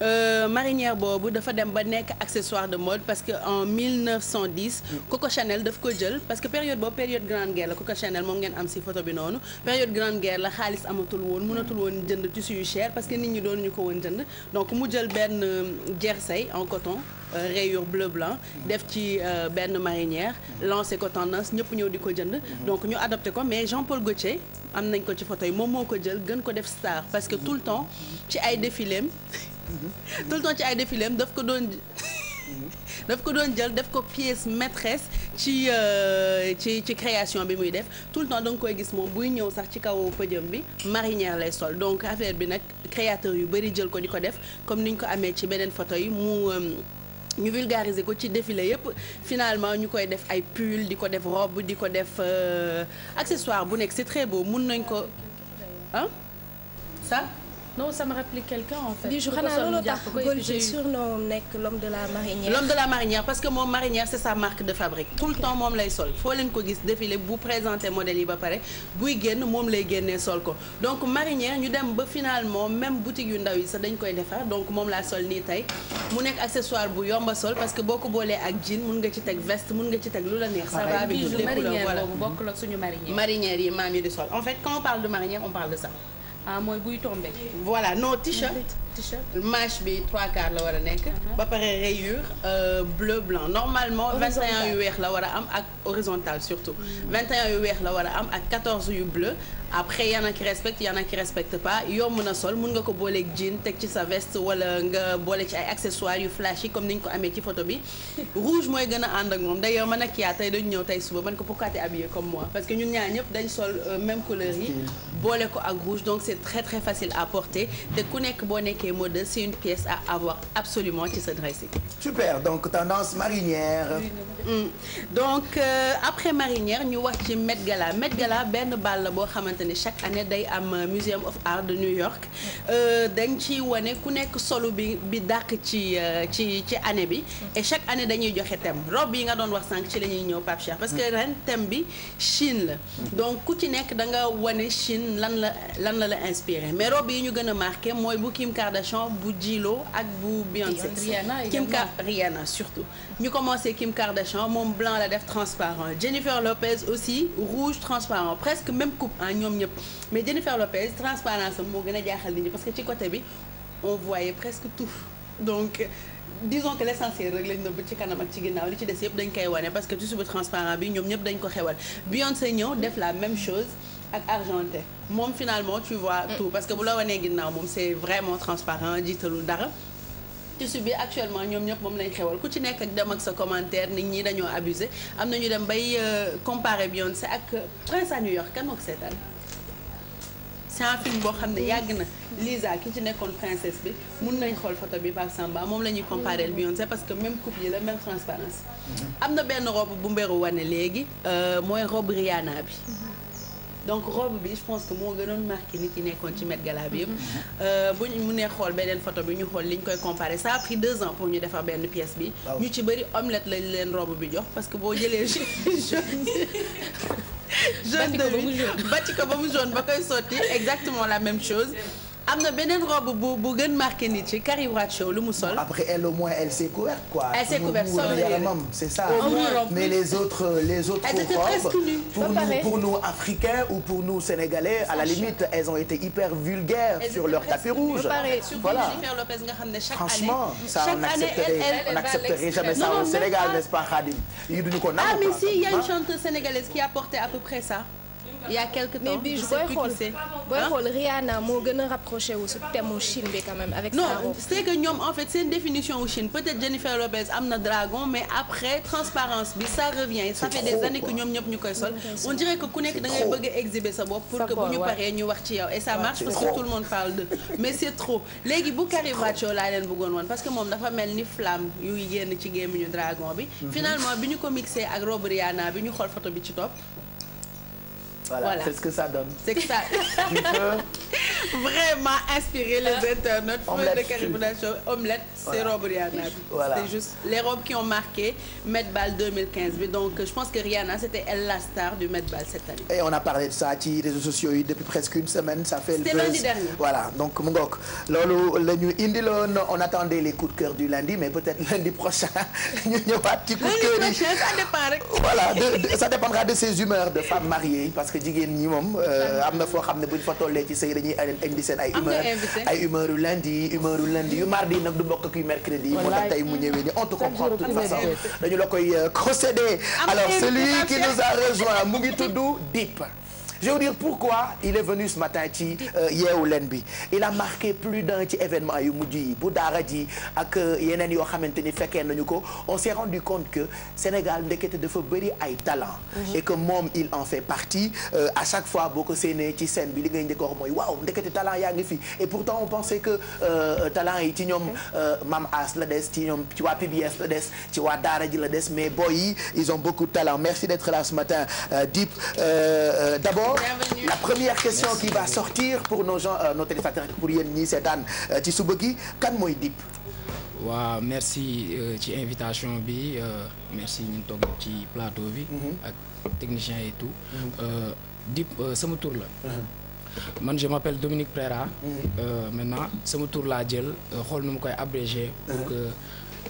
Euh, marinière boobu dafa dem ba nekk accessoire de mode parce que en 1910. Coco Chanel daf ko jël parce que période boobu période grande guerre la Coco Chanel moom ngeen am ci photo bi noonu période grande guerre la xaalis amatul woon mënatul woon jënd tissu yu cher parce que nit ñi doon ñu ko woon jënd donc mu jël benn jersey en coton. Euh, rayure bleu blanc def ci euh, benn marinière lancé ko tendance ñëpp ñëw di ko jënd donc ñu adopté ko mais Jean Paul Gaultier am nañ ko ci photo yi moom moo ko jël gën ko def star parce que tout le temps ci ay défilém ci ay défilém daf ko doon daf ko doon jël def ko pièce maîtresse ci euh, ci ci création bi muy def tout le temps da nga koy gis moom buy ñëw sax ci kaw pëjëm bi marinière lay sol donc affaire bi nag créateur yu bëri jël ko di ko def comme ni ñu ko amee ci beneen photo yi mu ñu vulgariser ko ci défilé yëpp finalement ñu koy def ay pull di ko def robe di ko def euh, accessoire bu nekk c'est très beau mun nañ ko ah ça non ça me rappelle quelqu'un en fait. bijoux xanaa nekk l'homme de la marinière. l'homme de la marinière parce que moom marinière c'est sa marque de fabrique. tout le temps moom lay sol foo leen ko gis défilé bu présenter modèle yi ba pare buy génn moom lay génnee sol ko donc marinière ñu dem ba finalement même boutique yu ndaw yi sax dañ koy defar donc moom laa sol ni tey mu nekk accessoire bu yomba sol parce que boo ko boolee ak jean mun nga ci teg veste mun nga ci teg lu la neex. ça ah mooy buy tombé. voilà non t-shirt. t bi trois quarts la war a nekk. Uh-huh. ba pare rayure euh, bleu blanc normalement. horizontal 21 yu weex la war a am ak horizontal surtout. 21 hmm. yu weex la war a am ak 14 yu bleu. après y en a qui respectent y en a qui pas yomb na sol mun nga ko booleeg jean teg ci sa veste wala nga boole ci ay accessoires yu flashy comme ni ñu ko amee ci photo bi rouge mooy gën a ànd ak moom d'ailleurs man ak yaa tey dañu ñëw tey suba man ko pourquoi t'es habillé comme moi parce que ñun ñaar ñëpp dañ sol euh, même couleur yi boole ko ak rouge donc c'est très très facile à porter te ku nekk boo nekkee mode c'est une pièce à avoir absolument ci sa xamante chaque année day am Museum of Art de New York euh, dañ ci wane ku nekk solo bi bi dàq ci euh, ci ci année bi et chaque année dañuy joxe thème robe yi nga doon wax sànq ci la ñuy ñëw Pape Cheikh parce que ren thème bi Chine la donc ku ci nekk da nga wane Chine lan la lan la la inspiré mais robe yi ñu gën a marqué mooy bu Kim Kardashian bu J ak bu Beyoncé Kim Ka Rihanna surtout ñu commencé Kim Kardashian moom blanc la def transparent Jennifer Lopez aussi rouge transparent presque même coupe ñoom ñëpp mais Jennifer Lopez transparence am moo gën a jaaxal nit ñi parce que ci côté bi on voyait presque tout donc disons que l'essentiel rek lañ nëbb ci kanam ak ci ginnaaw li ci des yëpp dañ koy wane parce que tout suba transparent bi ñoom ñëpp dañ ko xewal Beyoncé ñëw def la même chose ak argenté moom finalement tu vois mm. tout parce que bu la wanee ginnaaw moom c'est vraiment transparent jiitalul dara tissu bi actuellement ñoom ñëpp moom lañ xewal ku ci nekk ak dem ak sa nit ñi dañoo abusé am na ñu dem bay euh, comparer Beyoncé ak Prince à New York kan moo ko seetaan sans boo xam ne yàgg na Lisa ki ci nekkoon princesse bi mun nañ xool photo bi par Samba moom la ñuy comparé ak Beyoncé parce que même coupe yi la même transparence mhm. am na benn robe bu mbéru wane léegi euh, mooy robe Rihanna bi mhm. donc robe bi je pense que moo gënoon marqué nit yi nekkoon ci Met Gala bi yëpp. Mhm. Euh, bu ñu mënee xool beneen photo bi ñu xool li ñu koy comparé ça a pris deux ans pour ñu defar benn pièce bi. ñu ci bëri omelette lañ leen robe bi jox parce que boo jëlee (laughs) jaune de huile ko ba mu jaune ba koy sotti exactement la même chose. am na beneen robe bu bu gën marqué nit ci mu sol. après elle au moins s'est couverte quoi. c'est ça. mais les autres les autres robes pour nous africains ou pour nous sénégalais à la limite elles ont été hyper sur leur tapis rouge. voilà franchement ça on accepterait on accepterait jamais ça au Sénégal n'est-ce pas Khadim. yi duñu ko nangu ah mais si il y a une ah. chanteuse qui a porté à peu près ça. il y a quelque booy xool Rihanna moo gën a rapproché wu si thème mu Chine bi quand même. avec non c'est que ñoom en fait seen définition wu Chine peut-être Jennifer Lopez am na dragon mais après transparence bi ça revient. ça fait des années ñoom ñëpp ñu koy sol. on dirait que ku nekk da ngay bëgg a sa bopp. pour que bu ñu paree ñu wax ci yow et ça marche parce que tout le monde parle de mais c'est trop léegi bu Caravaggio laa leen bëggoon woon parce que moom dafa mel ni flamme yuy génn ci gémmiñu dragon bi. Mhm. finalement bi ñu ko mixé ak robe bi ñu xool photo bi ci topp. Voilà, voilà. c'est ce que ça donne. C'est que ça. vraiment inspiré les internautes. Ah. omelette de carbonature Rihanna. c'est juste les robes qui ont marqué Met Bal 2015 donc je pense que Rihanna c'était elle la star du Met Bal cette année. on a parlé de ça réseaux sociaux une semaine ça le lundi dernier. voilà donc mu ngoog loolu la ñu on attendait les coups de cœur du lundi mais peut-être lundi prochain (laughs) ñu ñëwaat ci dépendra de ses humeurs de femmes mariées parce que jigéen ñi moom euh, am ne buñ fa tollee ci sëy dañuy leen indi seen ay humeur ay humeur yu lundi humeur yu lundi yu mardi nag du bokk ak yu mercredi moo tax tey mu ñëwee ni on te comprend de toute façon dañu la koy euh, (laughs) concéder alors celui qui nous a rejoint mu ngi tudd Dip je vais vous dire pourquoi il est venu ce matin ci euh, yeewu leen bi il a marqué plus d'un ci événement yu mujj yi bu daara ji ak euh, yeneen yoo xamante ni fekkee nañu ko on s'est rendu compte que Sénégal ndekete dafa bëri ay talent mhm. et que moom il en fait partie euh, à chaque fois boo ko séenee ci scène bi li ngay njëkk a mooy waaw ndekete talent yaa ngi fi et pourtant on pensait que talent yi ci ñoom Mam As la des ci ñoom ci waa PBS la des ci waa daara ji la des mais boy yi ils ont beaucoup de talent merci d'être là d'abord la première question Merci qui va sortir pour nos gens euh, nos téléspectateurs pour yéen ñii seetaan euh, ci suba gi kan mooy Dip. waaw merci euh, ci invitation bi euh, merci ñu toog ci plateau bi. Mhm. ak technicien et tout. Mhm. Dip sama tur la. Mhm. man je m'appelle Dominique Prera. maintenant sama tur laa jël xool nu mu koy abrégé. pour que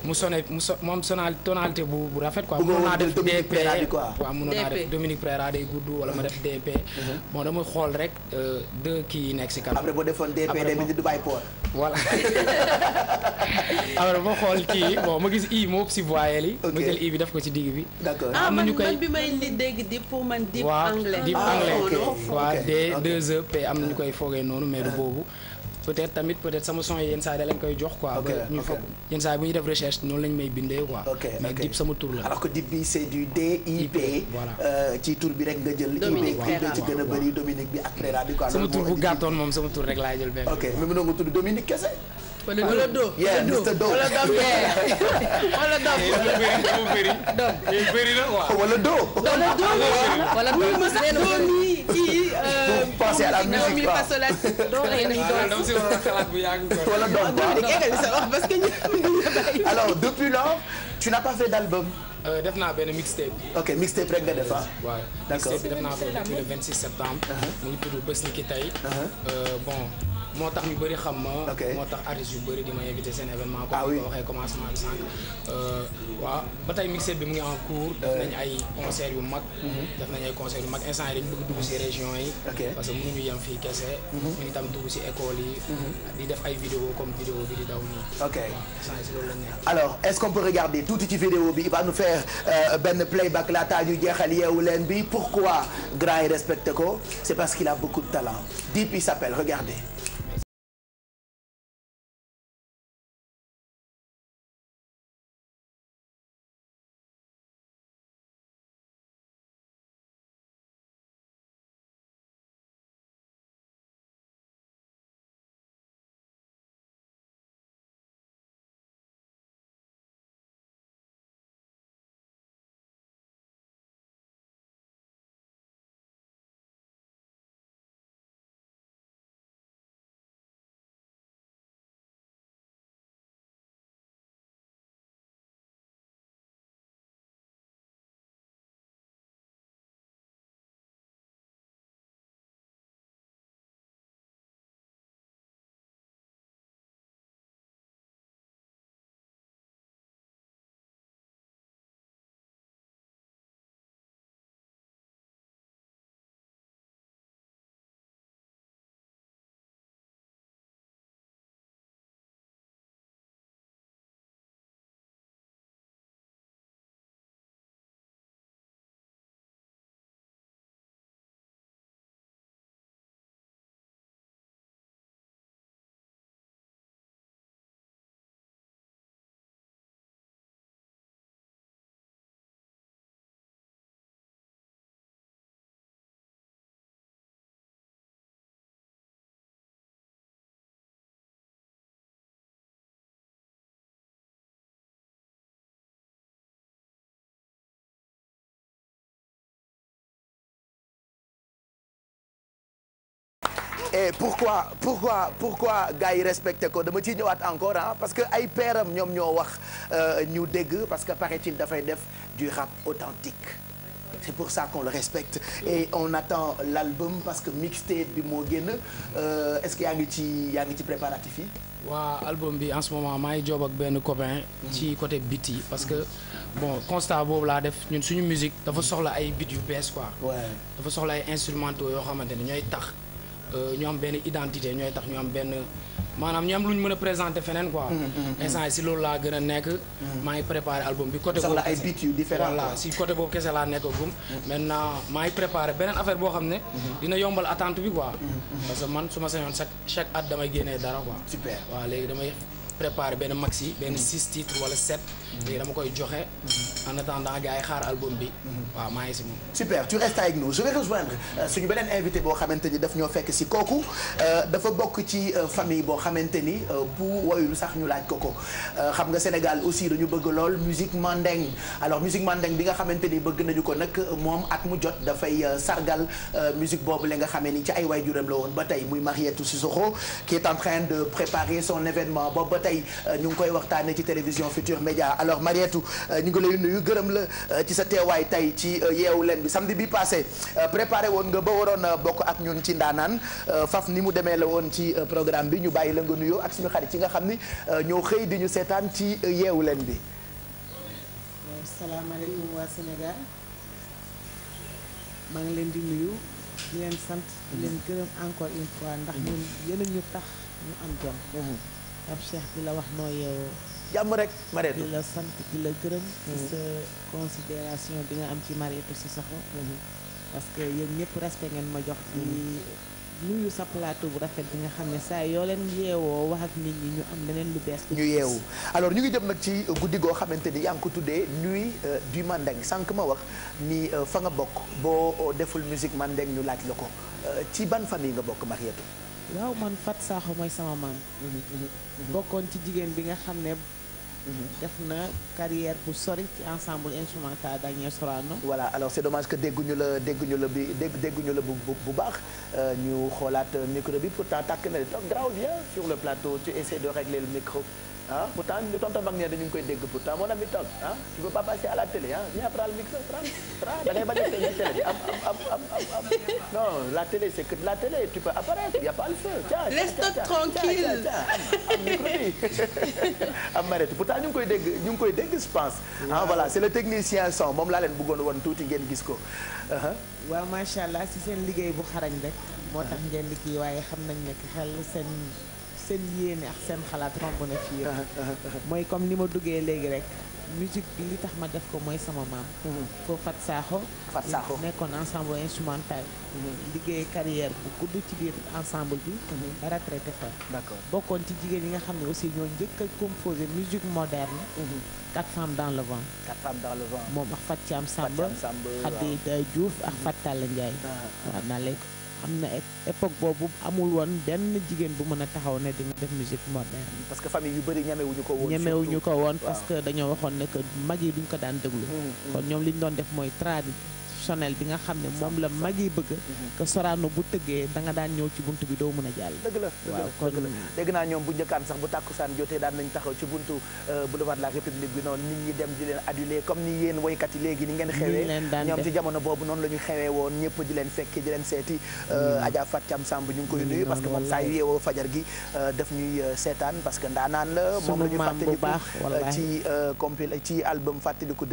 mu sonné mu so moom sonal tonalité bu bu rafet quoi. mënoon naa def DP waaw mënoon naa def gudd wala ma def DP. Uh-huh. bon damay xool rek euh, deux kii yi nekk si kanam. après boo defoon DP dem di baay Port. voilà (laughs) après ma xool kii bon ma gis i moo ëpp si voyelle ma jël i bi def ko ci digg bi. d'accord ah man man bi may li dégg di pour man. deep anglais ah, waaw deep anglais. waaw D deux E P am na ñu koy foogee noonu mais ah. boobu. peut-être tamit peut-être sama son yi yenn saa yi da leen koy jox quoi. ok ñu foog yenn saa yi bu ñu def recherche noonu lañ may bindee quoi. ok mais dip sama tur la. alors que dip bi c'est du DIP. voilà euh, ci tur bi rek nga jël. Dominique Prera ci gën a bëri Dominique bi ak Prera bi quoi. sama tur bu gàttoon moom sama tur rek laay jël benn. Dominique kese. wala doo yeah Mr Doo wala dom wala dom bëri na wala doo wala doo wala penser à la musique quoi wala dom alors depuis lors tu n'as pas fait d'album euh, def naa benn mixtape. ok mixtape rek nga def ah. waaw mixtape bi def naa ko depuis le 26 septembre. Uh-huh. mu ngi tudd bés ni ki tey. Uh-huh. Euh, bon. moo tax ñu bëri xam ma. moo tax artistes yu bëri di ma invité seen événement. ah oui comme waxee commencement bi sànq. Euh, waaw ba tey mixé bi mu ngi en cours. def euh. nañ ay concert yu mag. Mhm. def nañ ay concert yu mag instant yi dañu région yi. parce que mënuñu yem fii kese. Mhm. ñu ngi tam dugg si école yi. Mhm. di def ay vidéo comme vidéo bi di daw nii. ok instant yi si loolu lañ nekk. alors est-ce qu'on peut regarder tuuti ci vidéo bi il va nous faire euh, benn playback laataa ñu jeexal yeewu leen bi pourquoi grand yi respecté ko c'est parce qu'il a beaucoup de talent Dip il et pourquoi pourquoi pourquoi gars yi respecté ko dama ciy ñëwaat encore ah, parce que ay peeram ñoom ñoo wax euh, ñu dégg parce que paraît-il dafay def du rap authentique c'est pour ça qu'on le respecte et on attend l'album parce que mixtape bi moo génn euh, est-ce que yaa ngi ci yaa ngi ci préparatif yi waa album bi en ce moment maa ngi job ak benn copain ci hmm. côté beat yi parce que hmm. bon constat boobu laa def ñun suñu musique dafa soxla ay beat yu bees quoi dafa soxla ay instrumentaux yoo xamante ni ñooy tax Euh, ñu am benn identité ñooy tax ñu am benn maanaam ñu am lu ñu mën a présenter feneen ko mm, mm, mm. instant yi si loolu laa gën a nekk. maa ngi préparé album bi côté. boobu ay beat yu différent voilà si côté boobu kese laa nekk gum maintenant maa ngi préparé beneen affaire boo xam ne. dina yombal attente bi quoi. parce que man su ma sañoon chaque chaque at damay génne dara quoi. super waaw léegi damay préparé benn maxi benn six titres wala sept. léegi dama koy joxe. en attendant gars yi xaar album bi. Mhm. waaw maa ngi si moom. super tu restes avec nous je vais euh, beneen invité boo xamante ni daf ñoo fekk si kooku euh, dafa bokk ci euh, famille boo xamante ni bu woyul sax ñu laaj ko ko xam nga Sénégal aussi dañu bëgg lool musique mandeng alors musique mandeng bi nga xamante ni bëgg nañu ko nag moom at mu jot dafay sargal musique boobu la nga xamee nii ci ay waajuram la woon ba tey muy Marietou Sissoko qui est en train de préparer son événement boobu ba tey ñu ngi koy waxtaanee ci télévision Futur Média alors Marietou euh, ñu ngi lay nuyu gërëm la euh, ci sa teewaay tey ci euh, yeewu leen bi samedi bi passé préparé woon nga ba waroon bokk ak ñun ci ndaanaan faf ni mu demee la woon ci programme bi ñu bàyyi la nga nuyoo ak suñu xarit ci nga xam ni ñoo xëy di ñu seetaan ci yeewu leen bi. salaamaaleykum waa Sénégal maa ngi leen di nuyu di leen sant leen mm-hmm. gërëm encore une fois ndax ñun mm-hmm. yéen ñu tax ñu am jom. Mm-hmm. ab Cheikh di la wax noo yeewoo. jàmm rek Mariétou di la sant di la gërëm ci mm-hmm. sa bi nga am ci Mariétou Cissokho mm-hmm. parce que yéen ñëpp respect ngeen ma jox ci mm-hmm. nuyu sa plateau bu rafet bi nga xam ne saa yoo leen yeewoo wax ak nit ñi ñu am leneen lu bees ñu yeewu alors ñu ngi dem nag ci guddi goo xamante ni yaa ngi ko tuddee nuit euh, du mandeng sànq ma wax ni euh, fa nga bokk boo euh, deful musique mandeng ñu laaj la ko ci ban famille nga bokk Mariétou waaw man Fat Sakho mooy sama maam bokkoon ci jigéen bi nga xam ne Mhm. def na carrière bu sori ci ensemble instrumental Daniel Sorano. voilà alors c'est dommage que dégguñu la dégguñu la bi dégg dégguñu la bu bu baax euh, ñu xoolaat micro bi pourtant tàkk na toog graw bien sur le plateau tu de régler le micro. ah pourtant ñu tonton mag nee dañu ngi koy dégg pourtant mon ami toog ah tu peux pas passer à la télé ah viens prendre le micro prendre da ngay am am am am non la télé c'est que de la télé y a pas le feu am micro bi (laughs) am ñu ngi koy dégg ñu ngi koy dégg je pense ah voilà c'est le technicien son moom laa leen bëggoon woon tuuti ngeen gis ko uh-huh. waa macha allah si seen liggéey bu xarañ rek moo tax ngeen di waaye xam nañ ne xel seen seen yéene ak seen xalaat romb na fii ah, ah, ah. mooy comme ni ma duggee léegi rek musique bi li tax ma def ko mooy sama maam mm-hmm. foo Fat Sakho Fat Sakho nekkoon ensemble instrumental mm-hmm. liggéey carrière bu gudd ci biir ensemble bi mm-hmm. retraité fa d'accord bokkoon ci jigéen yi nga xam ne aussi ñoo njëkk a composé musique moderne quatre femmes dans le vent quatre femmes dans le vent moom ak Fat Thiam Samba Khady Diouf ak Fat Talla Ndiaye waaw naa léegi am na époque boobu amul woon benn jigéen bu mën a taxaw ne dina def musique moderne. parce que famille yu bëri ñemewuñu ko woon. ñemewuñu ko woon parce que dañoo waxoon ne que mag yi duñ ko daan déglu. Mm-hmm. kon ñoom li ñu doon def mooy tradi professionnel bi nga xam ne moom la mag yi bëgg mhm. que bu tëggee da nga daan ñëw ci buntu bi doo mën a jàll dégg naa ñoom bu njëkkaan sax bu tàkkusaan jotee daan nañ taxaw ci buntu euh, boulevard de la république bi noonu nit ñi dem di leen aduler comme ni yéen woykat yi léegi ni ngeen xewee ñoom ci jamono boobu noonu woon ñëpp di leen fekki di leen seeti euh, mm. Adja Fat Thiam Samb ñu ngi koy mm, nuyu parce que man saa yeewoo fajar gi euh, daf ñuy seetaan parce que ndaanaan la moom la ñu ci album fàttaliku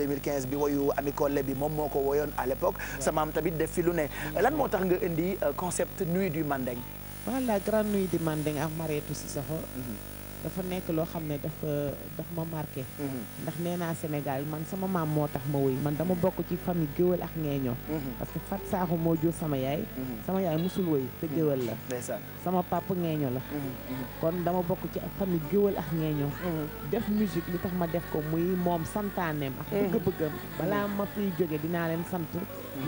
bi woyu Ami Collé bi moom moo ko woyoon l'époque sa maam tamit def fi lu ne mm-hmm. lan moo tax nga indi euh, concept nuit du Mandeng. voilà grande nuit du Mandeng ak Marietou Sissoko mm-hmm. dafa nekk loo xam ne dafa daf ma marqué mm-hmm. ndax nee naa Sénégal man sama maam moo tax ma woy man dama bokk ci famille géwél ak ngeeño mm-hmm. parce que Fat Sakho moo jur sama yaay mm-hmm. sama yaay musul woy te géwél la sama papa ngeeño la kon dama bokk ci famille géwél ak ngeeño def musique li tax ma def ko muy moom santaaneem ak bëgg-bëggam balaa ma fiy jóge dinaa leen sant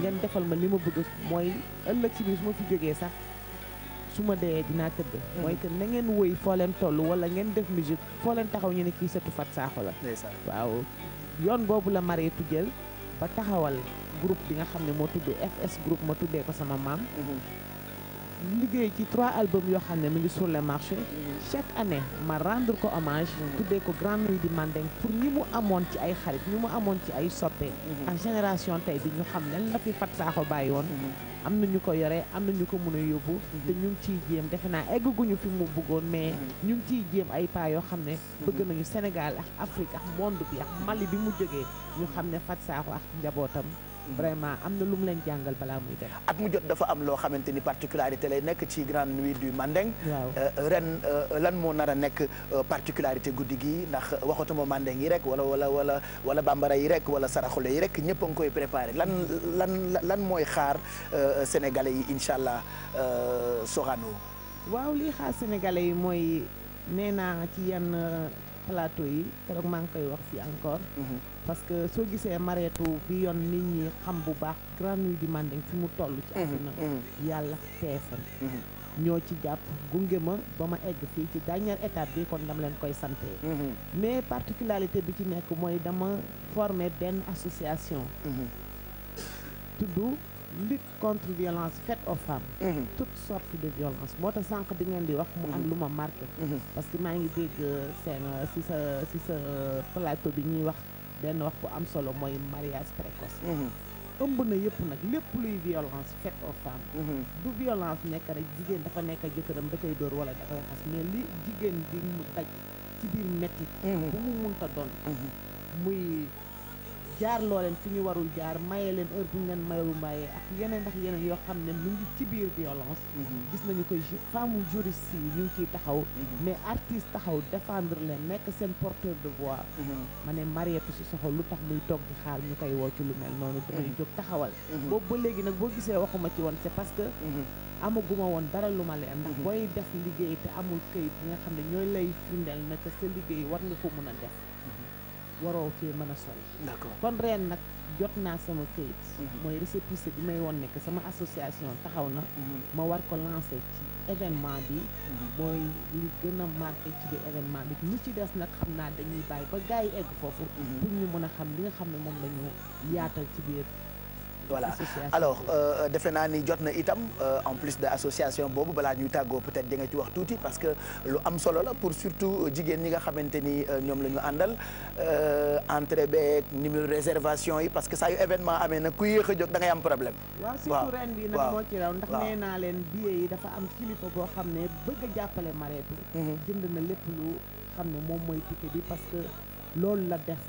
ngeen defal ma li ma bëgg mooy ëllëg si biir su ma fi jógee sax su ma dee dinaa tëdd mm-hmm. mooy que na ngeen woy foo leen toll wala ngeen def musique foo leen taxaw ñu ne kii setu Fat Sakho la waaw yoon boobu la Mariétou jël ba taxawal groupe bi nga xam ne moo tudd FS ma tuddee ko sama maam mm-hmm. liggéey ci trois albums yoo xam ne mu ngi sur le marché mm-hmm. chaque année ma rendre ko hommage tuddee ko Grand Nuit di Mandeng pour ñi mu amoon ci ay xarit ñi mu amoon ci ay soppe ak génération tey bi ñu xam ne la fi Fat Sakho bàyyi woon am nañu ko yore am na ñu ko mën a yóbbu mhm. te ñu ciy jéem defe naa egguñu fi mu bëggoon mais mhm. ñu ngi ciy jéem ay pas yoo xam ne mhm. bëgg nañu Sénégal ak Afrique ak monde bi Mali bi mu jógee ñu xam ne Fat Sakho ak njabootam vraiment am na lu mu leen jàngal balaa muy def. at mu jot dafa am loo xamante ni particularité lay nekk ci grande nuit du Mandeng. Euh, ren euh, lan moo nar a nekk euh, particularité guddi gi ndax waxatuma Mandeng yi rek wala wala wala wala bambara yi rek wala saraxule yi rek ñëpp nga koy préparé lan lan lan mooy xaar sénégalais yi incha allah Sorano. waaw lii xaar sénégalais yi mooy nee naa ci yenn plateau yi keroog maa ngi koy wax fii encore. Mm-hmm. parce que soo gisee mareetu bi yoon nit ñi xam bu baax Grande Nuit du Manding mu toll ci mhm, àdduna mhm. yàlla TFM mhm. ñoo ci jàpp gunge ma ba ma egg fii ci dernière étape bi kon dama leen koy santé mais particularité bi ci nekk mooy dama formé benn association tudd lutte contre violence faite aux femmes mm -hmm. de violence moo tax sànq di ngeen di wax mu am lu ma marqué parce que maa ngi dégg seen si sa si sa plateau bi ñuy wax benn wax bu am solo mooy mariage précoce mhm. ëmb na yëpp nag lépp luy violence faite aux femmes mhm. du violence nekk rek jigéen dafa nekk jëkkëram da koy dóor wala dafa koy xas mais li jigéen di mu daj ci biir metti mhm. bu mu munta doon muy jaar loo leen fi ñu warul jaar maye leen heure bu ñu leen mayul mayee ak yeneen ak yeneen yoo xam ne mu ngi ci biir violence mhm. gis nañu koy femme juriste yi ñu ngi taxaw mhm. mais artiste taxaw défendre leen nekk seen porteur de voix mhm. ma ne Mariétou Sissoko lu tax muy toog di xaar ñu koy woo ci lu mel noonu damay jóg taxawal boobu ba léegi nag boo gisee waxuma ci woon c'est parce que amaguma woon dara lu ma leen ndax booy def liggéey te amul kayit bi nga xam ne ñooy lay firndeel naka sa liggéey war nga ko mën a def waroo cee mën a sori kon reen nag jot naa sama këyit mhm. mooy récépissé bi may woon nekk sama association taxaw na mhm. ma war ko lancé ci événement bi mhm. mooy li gën a marqué ci biir événement bi ñu ci des nag xam naa dañuy bàyyi ba gars yi egg foofu pour ñu mën a xam li nga xam ne moom lañu yaatal ci biir voilà alors euh, euh, defe naa ni jot na itam euh, en plus de association boobu balaa ñuy tàggoo peut-être di nga ci wax tuuti parce que lu am solo la pour surtout jigéen ñi nga xamante ni ñoom la ñu àndal entrée beeg numéro réservation yi parce que saa yu événement amee nag ku yéex a jóg da am problème. waaw surtout ren bi nag moo ci raw ndax nee naa leen billets yi dafa am kilifa boo xam ne bëgg a jàppale marée bi. Mhm. jënd na lépp lu xam ne moom mooy ticket bi parce que loolu la def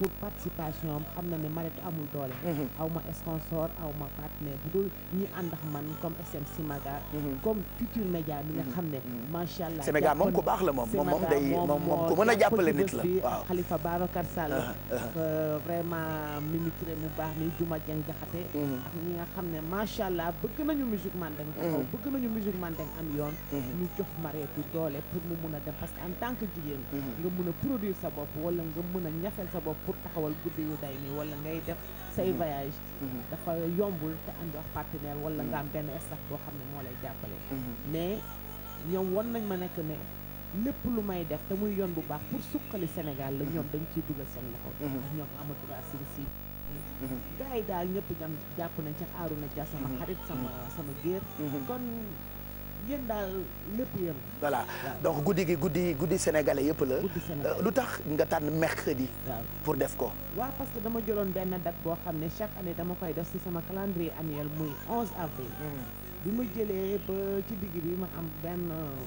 pour participation am xam na ne Marietou amul doole mhm. aw ma sponsor aw ma partenaire bu dul ñi ànd ak man comme SM Simaga mhm. comme Futur Média mi nga xam ne macha allah Simaga moom ku baax la moom moom moom day moom moom ku mën a jàppale nit la waaw Khalifa Babacar Sall uh-huh, uh-huh. Euh, vraiment Mimi Touré mu baax mi Duma Dieng Jaxate mhm. ak ñi nga xam ne macha allah bëgg nañu musique Mandeng taxaw bëgg nañu musique Mandeng am yoon ñu jox Marietou doole pour mu mun a dem parce que en tant que jigéen nga mun a produire sa bopp wala nga mun a ñafel bopp pour taxawal guddi yu day nii wala ngay def say mhm. voyage mhm. dafa yombul te ànd partenaire wala nga am mhm. benn staff boo xam ne moo lay jàppale mais ñoom won nañ ma nekk ne lépp lu may def te muy yoon bu baax pour suqali Sénégal la ñoom dañ ciy dugal seen loxo ñoom amatura sin si gars daal ñëpp jàpp nañ ci aaru na ja sama xarit sama géer kon yéen daal lépp yéen. voilà donc guddi gi guddi guddi sénégalais yëpp la. Euh, lu tax nga tànn mercredi. pour def ko. waa parce que dama jëloon benn date boo xam ne chaque année dama koy def ci sama calendrier annuel muy 11 avril. Hmm. bi ma jëlee ba ci digg bi ma am benn euh,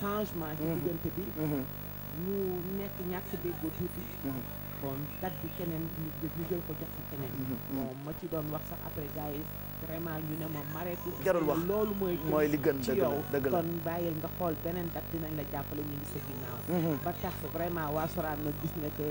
changement. ci hmm. diggante bi. Hmm. mu nekk ñàkk déggoo tuuti. bon date bi keneen ñu jël ko jox keneen. bon ma ci doon wax sax après gars yi. vraiment ñu ne ma mareetu jarul wax loolu mooy mooy li gën ci yow kon bàyyil nga xool beneen dat dinañ la jàppale ñu ngi sa ginnaaw mhm. ba tax vraiment waa Soraan na gis nga que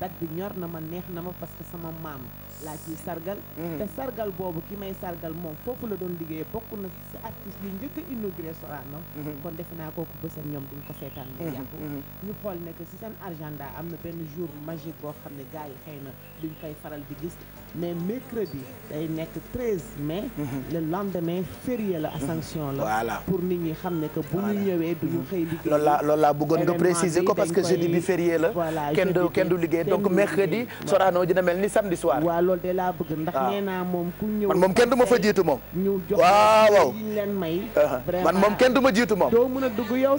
dat bi ñor na ma neex na ma parce que sama maam laa ciy sargal mhm. te sargal boobu ki may sargal moom foofu la doon liggéey bokk na si artiste yu njëkk a inauguré Sorano mhm. kon defe naa kooku bësam ñoom duñ ko seetaan mu yàqu ñu xool ne que si seen agenda am na benn jour magique boo xam ne gars yi xëy na duñ koy faral di gis mais mercredi day nekk 13 mai. Mhm. la lendemain férié la sanction la. voilà pour nit ñi xam ne que bu ñu ñëwee du ñu mhm. xëy liggéey. loolu la loolu laa bëggoon nga précisé ko parce que jeudi bi férié la. voilà kenn du kenn du liggéey donc mercredi. Sorano dina mel ni samedi soir. waaw loolu de laa bëgg ndax ah. nee naa moom ku ñëw. man moom kenn du ma fa jiitu moom. ñu jox waaw ñu leen may. Uh-huh. man moom kenn du ma jiitu moom. doo mën a dugg yow.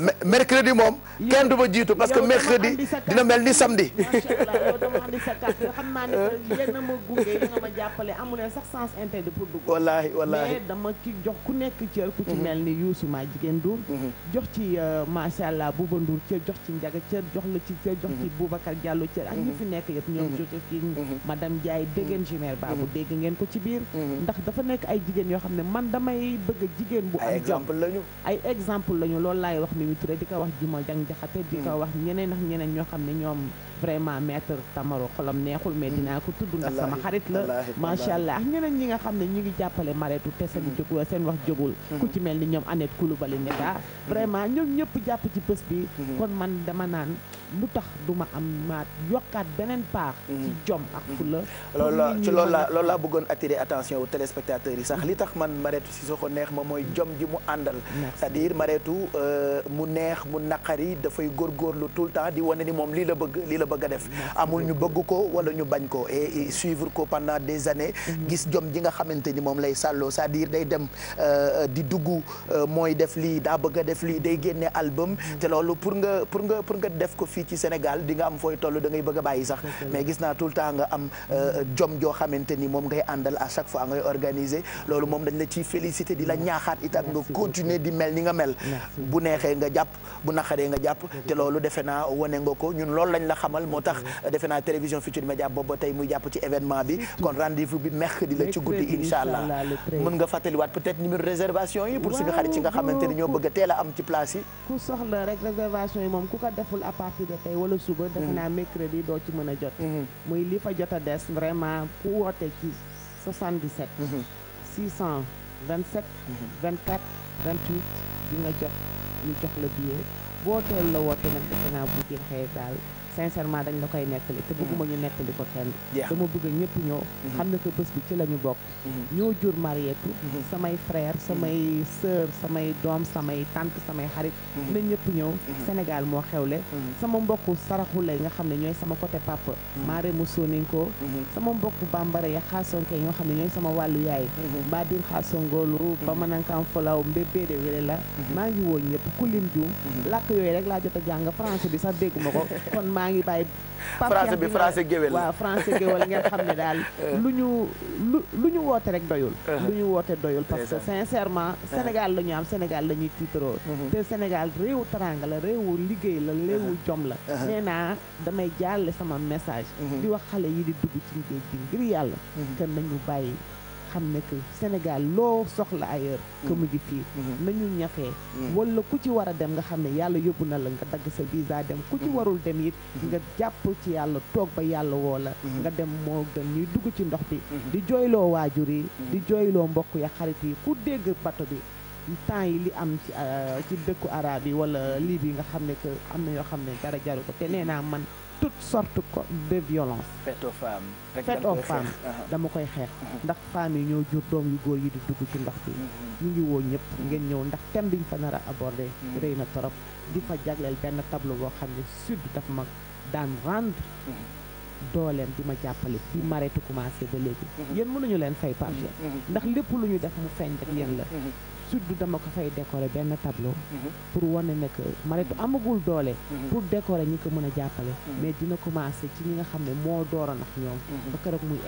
moom kenn du ma jiitu parce que mercredi dina mel ni samedi. macha allah uh-huh. a danga ma jàppale amuleen sax sens interdit pour dugg wallaahi wallaahi dama ki jox ku nekk cër ku ci mhm. mel ni Youssou maa jigéen Ndour mhm. jox ci euh, macha allah Bouba Ndour cër jox ci Ndiaga cër jox la ci cër jox ci mhm. Boubacar Diallo cër ak ñu fi nekk yëpp ñoom Josephine madame Ndiaye déggeen baa baabu dégg ngeen ko ci biir ndax dafa nekk ay jigéen yoo xam ne man damay bëgg jigéen bu am exemple lañu ay exemple lañu loolu laay wax mi mu turé di ko wax Juma Jang Jaxate di ko wax ñeneen ak ñeneen ñoo xam ne ñoom vraiment maître Tamaro xolam neexul mais dinaa ko tudd ndax sama xarit la macha allah ñeneen ñi nga xam ne ñu ngi jàppale mareetu te seen mm-hmm. jóg seen wax jógul mm-hmm. ku ci mel ni ñoom Annette Coulibaly Ndeka mm-hmm. vraiment ñoom ñëpp jàpp ci bés bi kon man dama naan lu tax duma am maat yokkaat beneen paax ci jom ak fulla loolu ci loolu la loolu laa bëggoon attirer attention aux téléspectateurs yi sax li tax man Marietou ko neex ma mooy jom ji mu àndal c'est-à-dire euh, mu neex mu naqari dafay góorgóorlu tout le temps di wane ni moom bëgg a def amul ñu bëgg ko wala ñu bañ ko et suivre ko pendant des années mm-hmm. gis jom ji nga xamante moom lay sàlloo cest à day dem euh, di dugg euh, mooy def lii daa bëgg def lii day génne album mm-hmm. te loolu pour nga pour nga pour nga def ko fii ci Sénégal di nga am fooy toll da ngay bëgg a bàyyi sax mais gis naa tout le temps nga am euh, mm-hmm. jom joo xamante ni moom ngay àndal a chaque fois ngay organiser loolu moom dañ la ciy félicité di la ñaaxaat itam nga continuer di mel ni nga mel bu neexee nga amal moo tax defe naa télévision Futur Média booba tey muy jàpp ci événement bi kon rendez-vous bi mercredi la ci guddi insha allah mën nga fàttaliwaat peut-être numéro réservation yi pour suñu xarit yi nga xamante ni ñoo bëgg a a am ci place yi ku soxla rek réservation yi moom ku ko deful à de tey wala suba defe mm-hmm. naa mercredi doo ci mën a jot mm-hmm. muy li fa jot a des vraiment ku woote ci 77 627 24 28 di nga jot ñu jox la sincèrement dañ la koy nettali te bëgguma ñu nettali ko kenn dama bëgg ñëpp ñëw mhm. xam ne que bés bi ci la ñu bokk mhm. ñoo jur Mariétou mhm. samay frère samay sœur samay doom samay tante samay xarit na ñëpp ñëw Sénégal moo xewle sama mbokku saraxule nga xam ne ñooy sama côté papa maare mu soninkoo sama mbokku bambara ya xaasonke ñoo xam ne ñooy sama wàllu yaay mbaa dir xaasongoolu ba manankaan folaw mbébéede wele la maa ngi woo ñëpp ku lim làkk yooyu rek laa jot jàng bi sax dégguma ko (laughs) maa ngi bàyyi. français bi français géwél waaw français géwél ngeen xam ne daal (laughs) eh. lu ñu lu lu ñu woote rek doyul eh. lu ñu woote doyul parce que sincèrement eh. Sénégal la ñu am Sénégal la ñuy tiitaroo mm-hmm. te Sénégal réewu teraanga la réewu liggéey la réewu jom la nee naa damay jàlle sama message mm-hmm. di wax xale yi di dugg ci ngir yàlla mm-hmm. te nañu bàyyi xam ne que Sénégal loo soxla ay que mu ngi fii mm-hmm. Mm-hmm. nañu ñafee mm-hmm. wala ku ci war a dem nga xam ne yàlla yóbbu na la nga dagg sa visa dem ku ci warul dem it nga jàpp ci yàlla toog ba yàlla woo la nga dem moo gën ñuy dugg ci ndox bi di jooyloo waajur yi di jooyloo mbokk yi xarit yi ku dégg bato bi temps yi li am ci euh, ci dëkku arab yi wala lii bi nga xam ne que am na yoo xam ne dara jaru ko te nee naa man toutes sortes de violence faites aux femmes faites uh-huh. dama koy xeex uh-huh. ndax femmes yi ñoo jur doom yu góor yi di dugg ci ndox bi uh-huh. ñu ngi woo ñëpp ngeen ñëw ndax thème bi ñu fa nar a abordé rëy na torop di fa jagleel benn tableau boo xam ne sud daf ma daan rendre dooleem di ma jàppale bi maretu commencé ba léegi yéen mënuñu leen fay parce ndax lépp lu ñu def mu feeñ rek yéen la sud bi dama ko fay décorer benn tableau. Mhm. pour wane ne que Marietou amagul doole. Mhm. pour décorer ñi ko mën a jàppale. Mhm. mais dina commencé ci ñi nga xam ne moo dooroon ak ñoom. ba keroog muy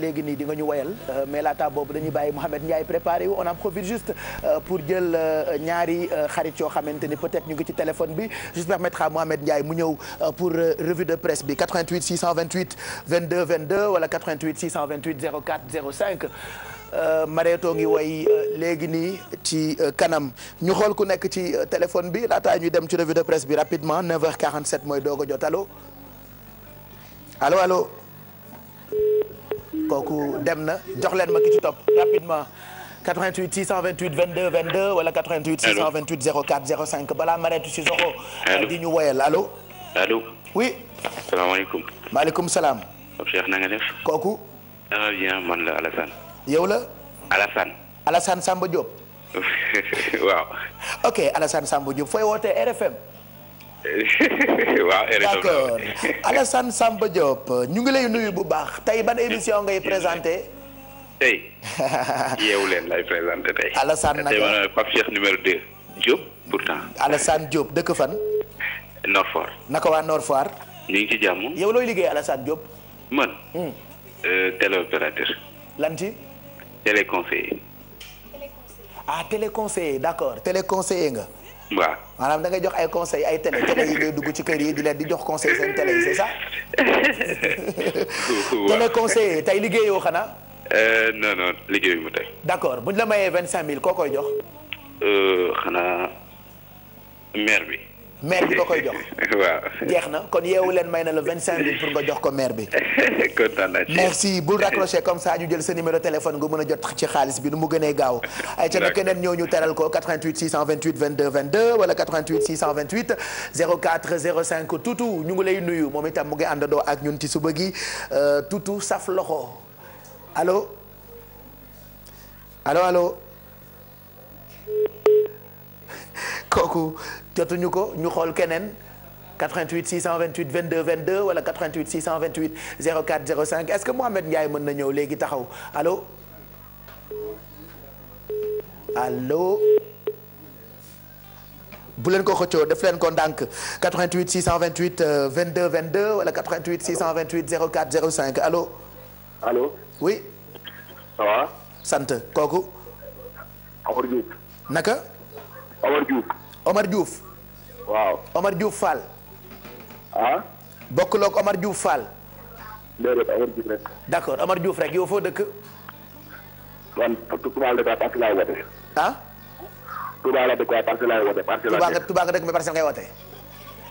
léegi nii di nga ñu woyal euh, mais laata boobu dañuy bàyyi Mouhamed Ndiaye préparé wu on en profite juste euh, pour jël euh, ñaari xarit yoo xamante ni peut-être ñu ngi ci téléphone bi juste permettre à Mouhamed Ndiaye mu ñëw pour revue de presse bi 88 628 22 22 wala 88 628 04 05. Euh, mareetoo ngi woy euh, léegi nii ci euh, kanam ñu xool ku nekk ci téléphone bi laataa ñu dem ci revue de presse bi rapidement 9h47 mooy doog a jot allo allo allo kooku dem na jox leen ma ki ci topp rapidement 88 628 22 22 wala 88 628 04 05 balaa mareetu si soxo di ñu woyal allo allo oui salaamaaleykum maaleykum salaam Cheikh na nga kooku ah yow la. Alassane. Alassane Samba Diop. (laughs) waaw. ok Alassane Samba Diop fooy wootee RFM. (laughs) waaw RFM d'accord (laughs) Alassane Samba Diop ñu ngi lay nuyu bu baax tey ban émission ngay présenté. tey yeewu leen lay présenté tey. Alassane nag tey ma ne Pape Cheikh numéro 2. Diop pourtant. Alassane Diop dëkk fan. Nord Foire. naka waa Nord Foire. ñu ci jàmm. yow looy liggéey Alassane Diop. man. Hmm. Euh, téléopérateur. lan ci. téléconseiller. ah téléconseiller d' accord téléconseiller nga. waaw maanaam da ngay jox ay conseil ay télé télé yi ngay dugg ci kër yi di leen di jox conseil seen télé yi c' est ça. (laughs) téléconseiller tey liggéeyoo xanaa. Euh, non non liggéeyu mu tey. d' accord buñ la mayee vingt cinq mille koo koy jox. Euh, xanaa maire bi. maire bi nga koy jox. (laughs) waaw jeex na kon yeewu leen may na la vingt cinq mille pour nga jox ko maire bi. (laughs) kontaan naa ci merci bul raccroché comme ça ñu jël sa numéro téléphone nga mën a jot ci xaalis bi nu mu gënee gaaw. (laughs) ay ca nag keneen ñoo ñu teral ko 88 628 22 22 wala 88 628 04 05 tutu ñu ngi lay nuyu moom itam mu ngi àndandoo ak ñun ci suba gi euh, tutu saf loxo allo allo allo. kooku jotuñu ko ñu xool keneen 88 628 22 22 wala 88 628 04 05 est-ce que Mouhamed Ndiaye mën na ñëw léegi taxaw allo allo. bu leen ko xëccoo def leen ko ndànk 88 628 22 22 wala 88 628 04 05 allo. allo. oui. ça va. sant kooku. Omar Diouf. naka. Omar Diouf. Omar Diouf. waaw Omar Diouf Fall. ah. bokkuloog Omar Diouf Fall. déedéet Omar Diouf rek. yow foo dëkk. man Touba la dëkk parce que laay wote. ah. Touba la dëkk waaye parce que laay wote parce que. Touba nga Touba nga dëkk mais parcelle ngay wote.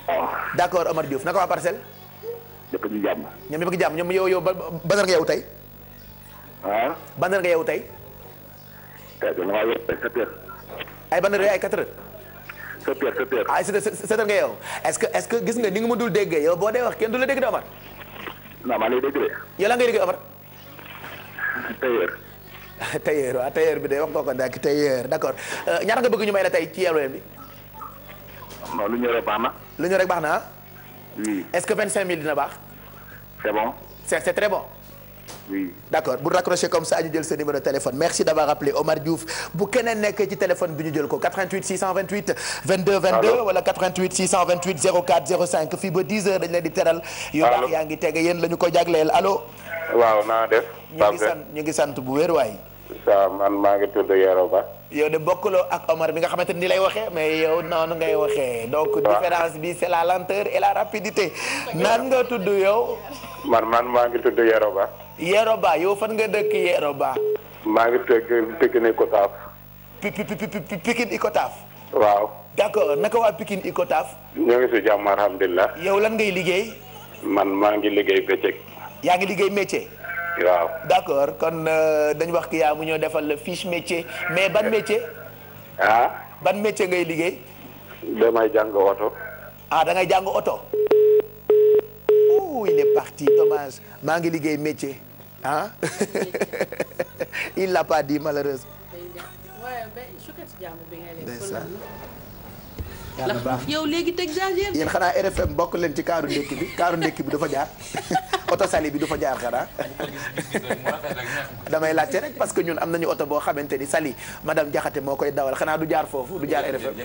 waaw ah. d'accord Omar Diouf naka waa parcelle. ñëpp ñu jàmm. ñoom ñëpp ngi jàmm ñoom yow yow ban ban nga yow tey. ah. ban nga eh, ay ban ay 4 sa père sa père. ah sëtër nga yow est-ce que est-ce que gis nga ni nga ma dul déggee yow boo dee wax kenn du la dégg de Omar. non maa lay dégg de. yow la ngay dégg Omar. (laughs) tailleur. (laughs) tailleur waaw tailleur bi de wax nga ko nag tailleur d'accord euh, ñaata nga bëgg ñu may la tey ci yelween bi. non lu ñëw rek baax na. lu ñëw rek baax na ah. est-ce que 25000 dina baax. c'est bon. c'est c'est très bon. oui d'accord bu raccroché comme ça ñu jël sa numéro téléphone merci d'avoir appelé Omar Diouf bu keneen nekkee ci téléphone bi ñu jël ko 88 628 wala 88 ngi tege yéen la ñu ko naa def ñu ngi sant bu wér waay ça man maa ngi tudd Yoro Ba. yow de bokkuloo ak Omar bi nga xamante ni lay waxee mais yow noonu ngay waxee. donc différence bi c'est la lenteur et la rapidité. naan nga tudd yow. man man maa ngi tudd Yoro Ba. Yoro Ba yow fan nga dëkk Yoro Ba. maa ngi dëkk Pikine Icotaf. pi pi waaw. d'accord naka waa Pikine Icotaf. ñoo ngi si jàmm alhamdulilah. yow lan ngay liggéey. man maa ngi liggéey bëccëg. yaa ngi liggéey métier. waaw d'accord kon euh, dañ wax ki yaa mu ñoo defal la fiche mais ban métier. ah. ban métier ngay liggéey. damay jàng oto. ah da ngay jàng oto. ouh il est parti maa ngi liggéey métier ah (laughs) il l'a pas dit malheureusement. yàlla baax yow léegi teg yéen xanaa RFM bokk leen ci kaaru ndekki bi kaaru ndekki bi dafa jaar. (laughs) oto sali bi du fa jaar xanaa damay laajte rek parce que ñun am nañu oto boo xamante ni sali madame jaxate moo koy dawal xanaa du jaar foofu du jaar RFM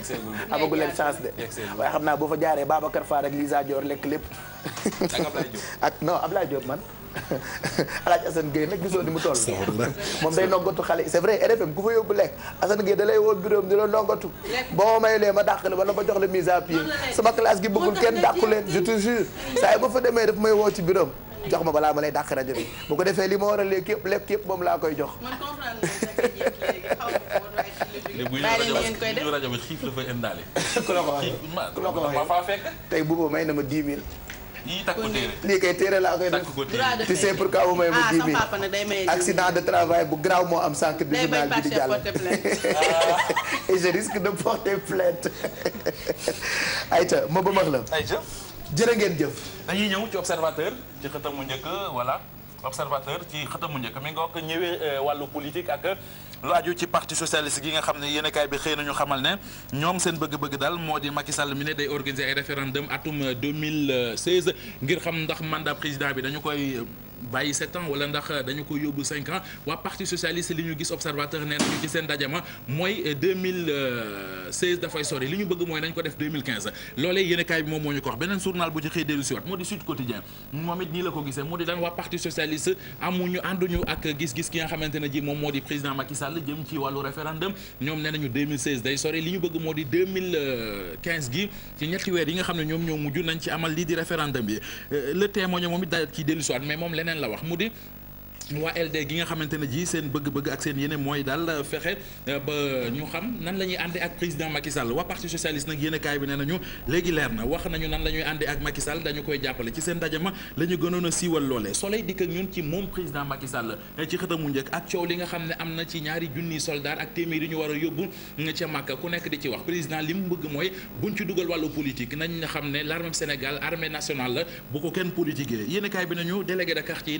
amagu xam naa boo fa jaaree Babacar Fall ak Lisa Dior lekk lépp ak (laughs) non Ablaye Diop man (laughs) Alaaj Assane Gueye nag gisoo ni mu toll moom day noggatu xale c'est vrai RFM ku fa yóbbu lekk Assane Gueye da lay woo bureau la noggatu boo may lee ma dàq la wala jox la mise à pied sama classe gi bëggul kenn dàqu leen je te (laughs) saa yi ba fa demee daf may woo ci bureau jox ma balaa ma lay dàq rajo bi bu ko defee li ma war a lekk yëpp lekk yëpp moom laa koy jox. man rajo bi xiif la fay indaale. ku la ko waxee ku la ko waxee tey buuba may na ma 10 000. yii takku téere lii kay téere laa koy def tu sais pourquoi mu may ma ah, dix mille accident de travail bu moo am sànq bi journal bi di jàll (laughs) et je risque de porter plainte ayca (laughs) ma ba max la jërë ngeen jëf. dañuy ñëw ci observateur ci xëtam mu njëkk voilà observateur ci xëtam mu njëkk mi nga ko ñëwee euh, wàllu politique ak lu aju ci parti socialiste gi nga xam ne yéen kaay bi xëy nañu xamal ne ñoom seen bëgg-bëgg daal moo di Macky Sall mi ne day organiser ay référendum atum 2016 ngir xam ndax mandat président bi dañu koy. bàyyi sept ans wala ndax dañu ko yóbbu cinq ans waa parti socialiste li ñu gis observateur nee nañu ci seen dajama mooy dafay sori li ñu bëgg moo di daan waa parti socialiste amuñu ànduñu ak gis-gis ki nga xamante ne ji moom moo di président Macky jëm ci wàllu référendum ñoom nee nañu day sori li ñu bëgg moo di 2015 ci ñetti weer yi nga xam ne ñoom ñoo mujj nañ ci amal lii di référendum bi euh, le témoin moom it daal ci dellu si mais moom leneen leneen wax mu di waa LD gi nga xamante ne ji seen bëgg-bëgg ak seen yéene mooy daal fexe euh, ba ñu xam nan la ñuy àndee ak président Macky Sall waa parti socialiste nag yéene kaay bi nee nañu léegi la ñuy àndee ak Macky Sall dañu koy jàppale ci seen ndaje ma la ñu gënoon a siiwal loolee Soleil dikk ak ñun ci moom président Macky Sall euh, ci xëtam mu njëkk ak coow li nga xam ne am na ci ñaari junniy soldat ak téeméer ñu war a yóbbu ca Màkka ku nekk di ci wax président li mu bëgg mooy buñ ci dugal wàllu politique nañ nga xam ne l'armée Sénégal armée nationale la bu ko kenn politique yéene kaay bi nañu délégué de quartier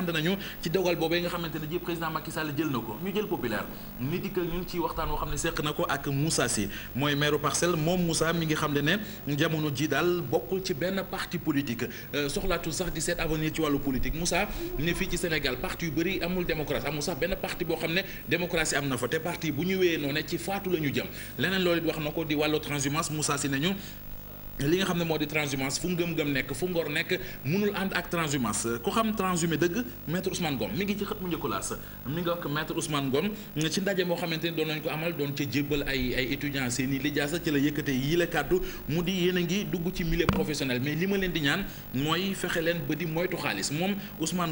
ànd nañu ci dogal yi nga xamante ne ji président Macky Sall jël na ko ñu jël populaire ni dikk ñun ci waxtaan woo xam ne seq na ko ak Moussa Sy mooy maire parcelle moom Moussa mi ngi xam ne ne jamono ji daal bokkul ci benn parti politique euh, soxlaatul sax di seet avenir ci wàllu politique Moussa ne fii ci Sénégal parti yu bari amul démocratie amul sax benn parti boo xam ne démocratie am na fa te parti bu ñu wéyee noonu ci faatu la ñu jëm leneen loolu wax na ko di wàllu transhumance Moussa Sy nañu li nga xam ne moo di transhumance fu ngëm-ngëm nekk fu ngor nekk mënul ànd ak transhumance ku xam transhumé dëgg maître Ousmane Ngom mi ngi ci xët mu moo xamante ni doon mu di yéen a ngi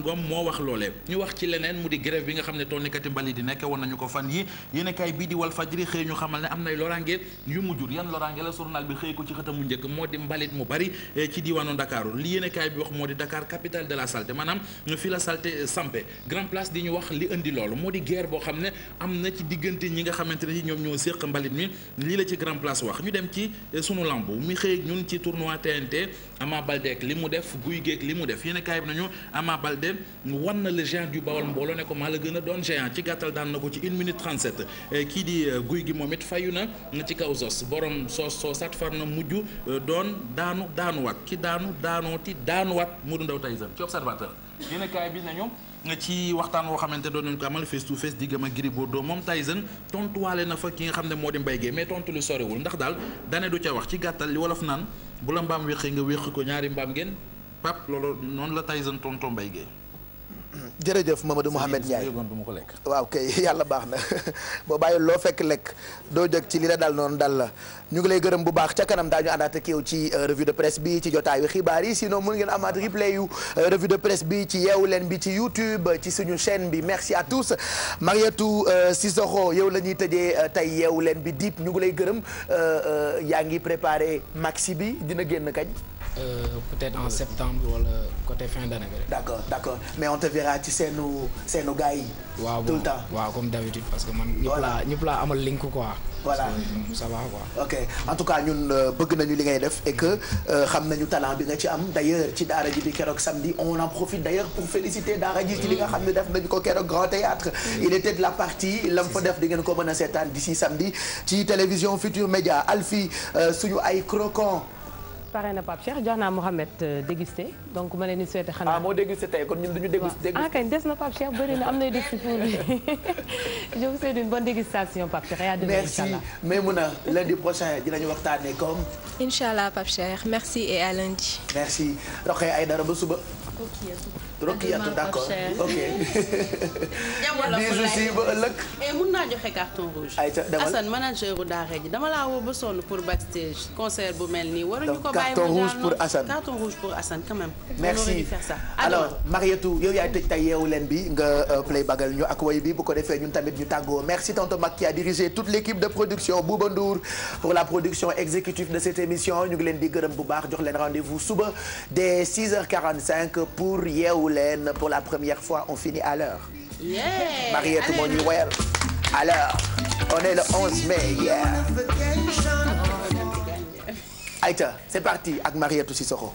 dugg moo wax loolee ñu wax ci leneen mu di grève bi nga xam ne tolnikati mbali di nekk woon nañu ko fan yi yéen a kaay bii di Walfadjri xëy ñu xamal ne am nay loraange yu mu jur yan loraange la journal bi xëy ko ci xëtamu njëkk moo di mbalit mu bari eh, ci diwaanu Dakar li yéenekaay bi wax moo di Dakar capitale de la saleté maanaam fi la saleté eh, sampe grand place di ñu wax li indi loolu moo di guerre boo xam ne am na ci diggante ñi nga xamante ne ñoom ñoo mbalit mi lii la ci grand place wax ñu dem ci eh, sunu lamb mi xëy ñun ci tournoi TNT Ama Baldé ak li mu def guy geeg li mu def yéenekaay bi nañu Ama Baldé wan na le géant du Bawol mbooloo ne ko maa la gën a doon géant doon daanu daanuwaat ki daanu daanooti daanuwaat Modou Ndao Tyson ci observateur yéen kaay bi na ñoom ci waxtaan woo xamante doon nañu ko amal face to face diggam ak Gris Bordeaux moom Tyson tontuwaale na fa ki nga xam ne moo di mbay Guèye mais tontu lu sorewul ndax daal dane du ca wax ci gàttal li wolof naan bu la mbaam wéqee nga wéq ko ñaari mbaam ngeen pap loolu noonu la Tyson tontu mbay Guèye jërëjëf Mamadou ko Ndiaye waaw kay (laughs) yàlla baax na boo bàyyi loo fekk lekk doo jóg ci li la dal noonu dal la ñu ngi lay gërëm bu baax ca kanam daañu àndaat ak yow ci euh, revue de presse bi ci jotaayu xibaar yi sinon mun ngeen amaat replay yu euh, revue de presse bi ci yeewu leen bi ci YouTube ci suñu chaîne bi merci à tous si Sissoko euh, yow la ñuy tëjee tey yeewu leen bi diip ñu ngi lay gërëm yaa ngi préparé maxi bi dina génn kañ euh, peut-être en septembre wala coté fin d'année bi rek. d'accord d'accord mais on te verra ci seenu seenu gars yi. waaw tout le temps waaw comme d'habitude parce que man. voilà ñëpp laa amal link quoi. voilà ça va quoi. ok en tout cas ñun euh, bëgg nañu li ngay def et que euh, xam nañu talent bi nga ci am d'ailleurs ci daara ji bi keroog samedi on en profite d'ailleurs pour féliciter daara ji ci li nga xam ne def nañu ko keroog grand théâtre il était de la partie lam fa def di ngeen ko mën a seetaan d'ici samedi ci télévision Futur Média Alfi euh, suñu ay croquants. pare na Pape Cheikh jox naa Mouhamed euh, dégusté donc ma leen di souhaité xanaa. ah moo dégusté tey kon ñun duñu dégusté. ah kay des na Pape Cheikh bëri na am nay dégusté pour bi (laughs) je vous souhaite une bonne dégustation Pape Cheikh et à demain incha allah merci Maimouna lundi prochain dinañu waxtaanee comme. incha allah Pape merci et à lundi. merci ay dara ba suba. Rokiyatou d'accord (laughs) ok. (laughs) diis aussi ba ëllëg. et eh, mun naa joxe carton rouge. ayca demal manager bu daara dama la woo ba pour backstage concert bu mel nii waruñu ko bàyyi. carton rouge pour Assane carton rouge pour Assane quand même. merci alors Marietou yow yaay tëj tay yeewu leen bi nga euh, play bagal ñu ak way bi bu ko defee ñun tamit ñu tàggoo merci tonton Mack qui a dirigé toute l'équipe de production Bouba Ndour pour la production exécutive de cette émission ñu ngi leen di gërëm bu baax jox leen rendez-vous suba dès 6h45 pour yeewu. pour la première fois on finit à l'heure Mariette moo à l'heure on est le 11 mai yeah oh, Aïta c'est ak Mariette Sissoko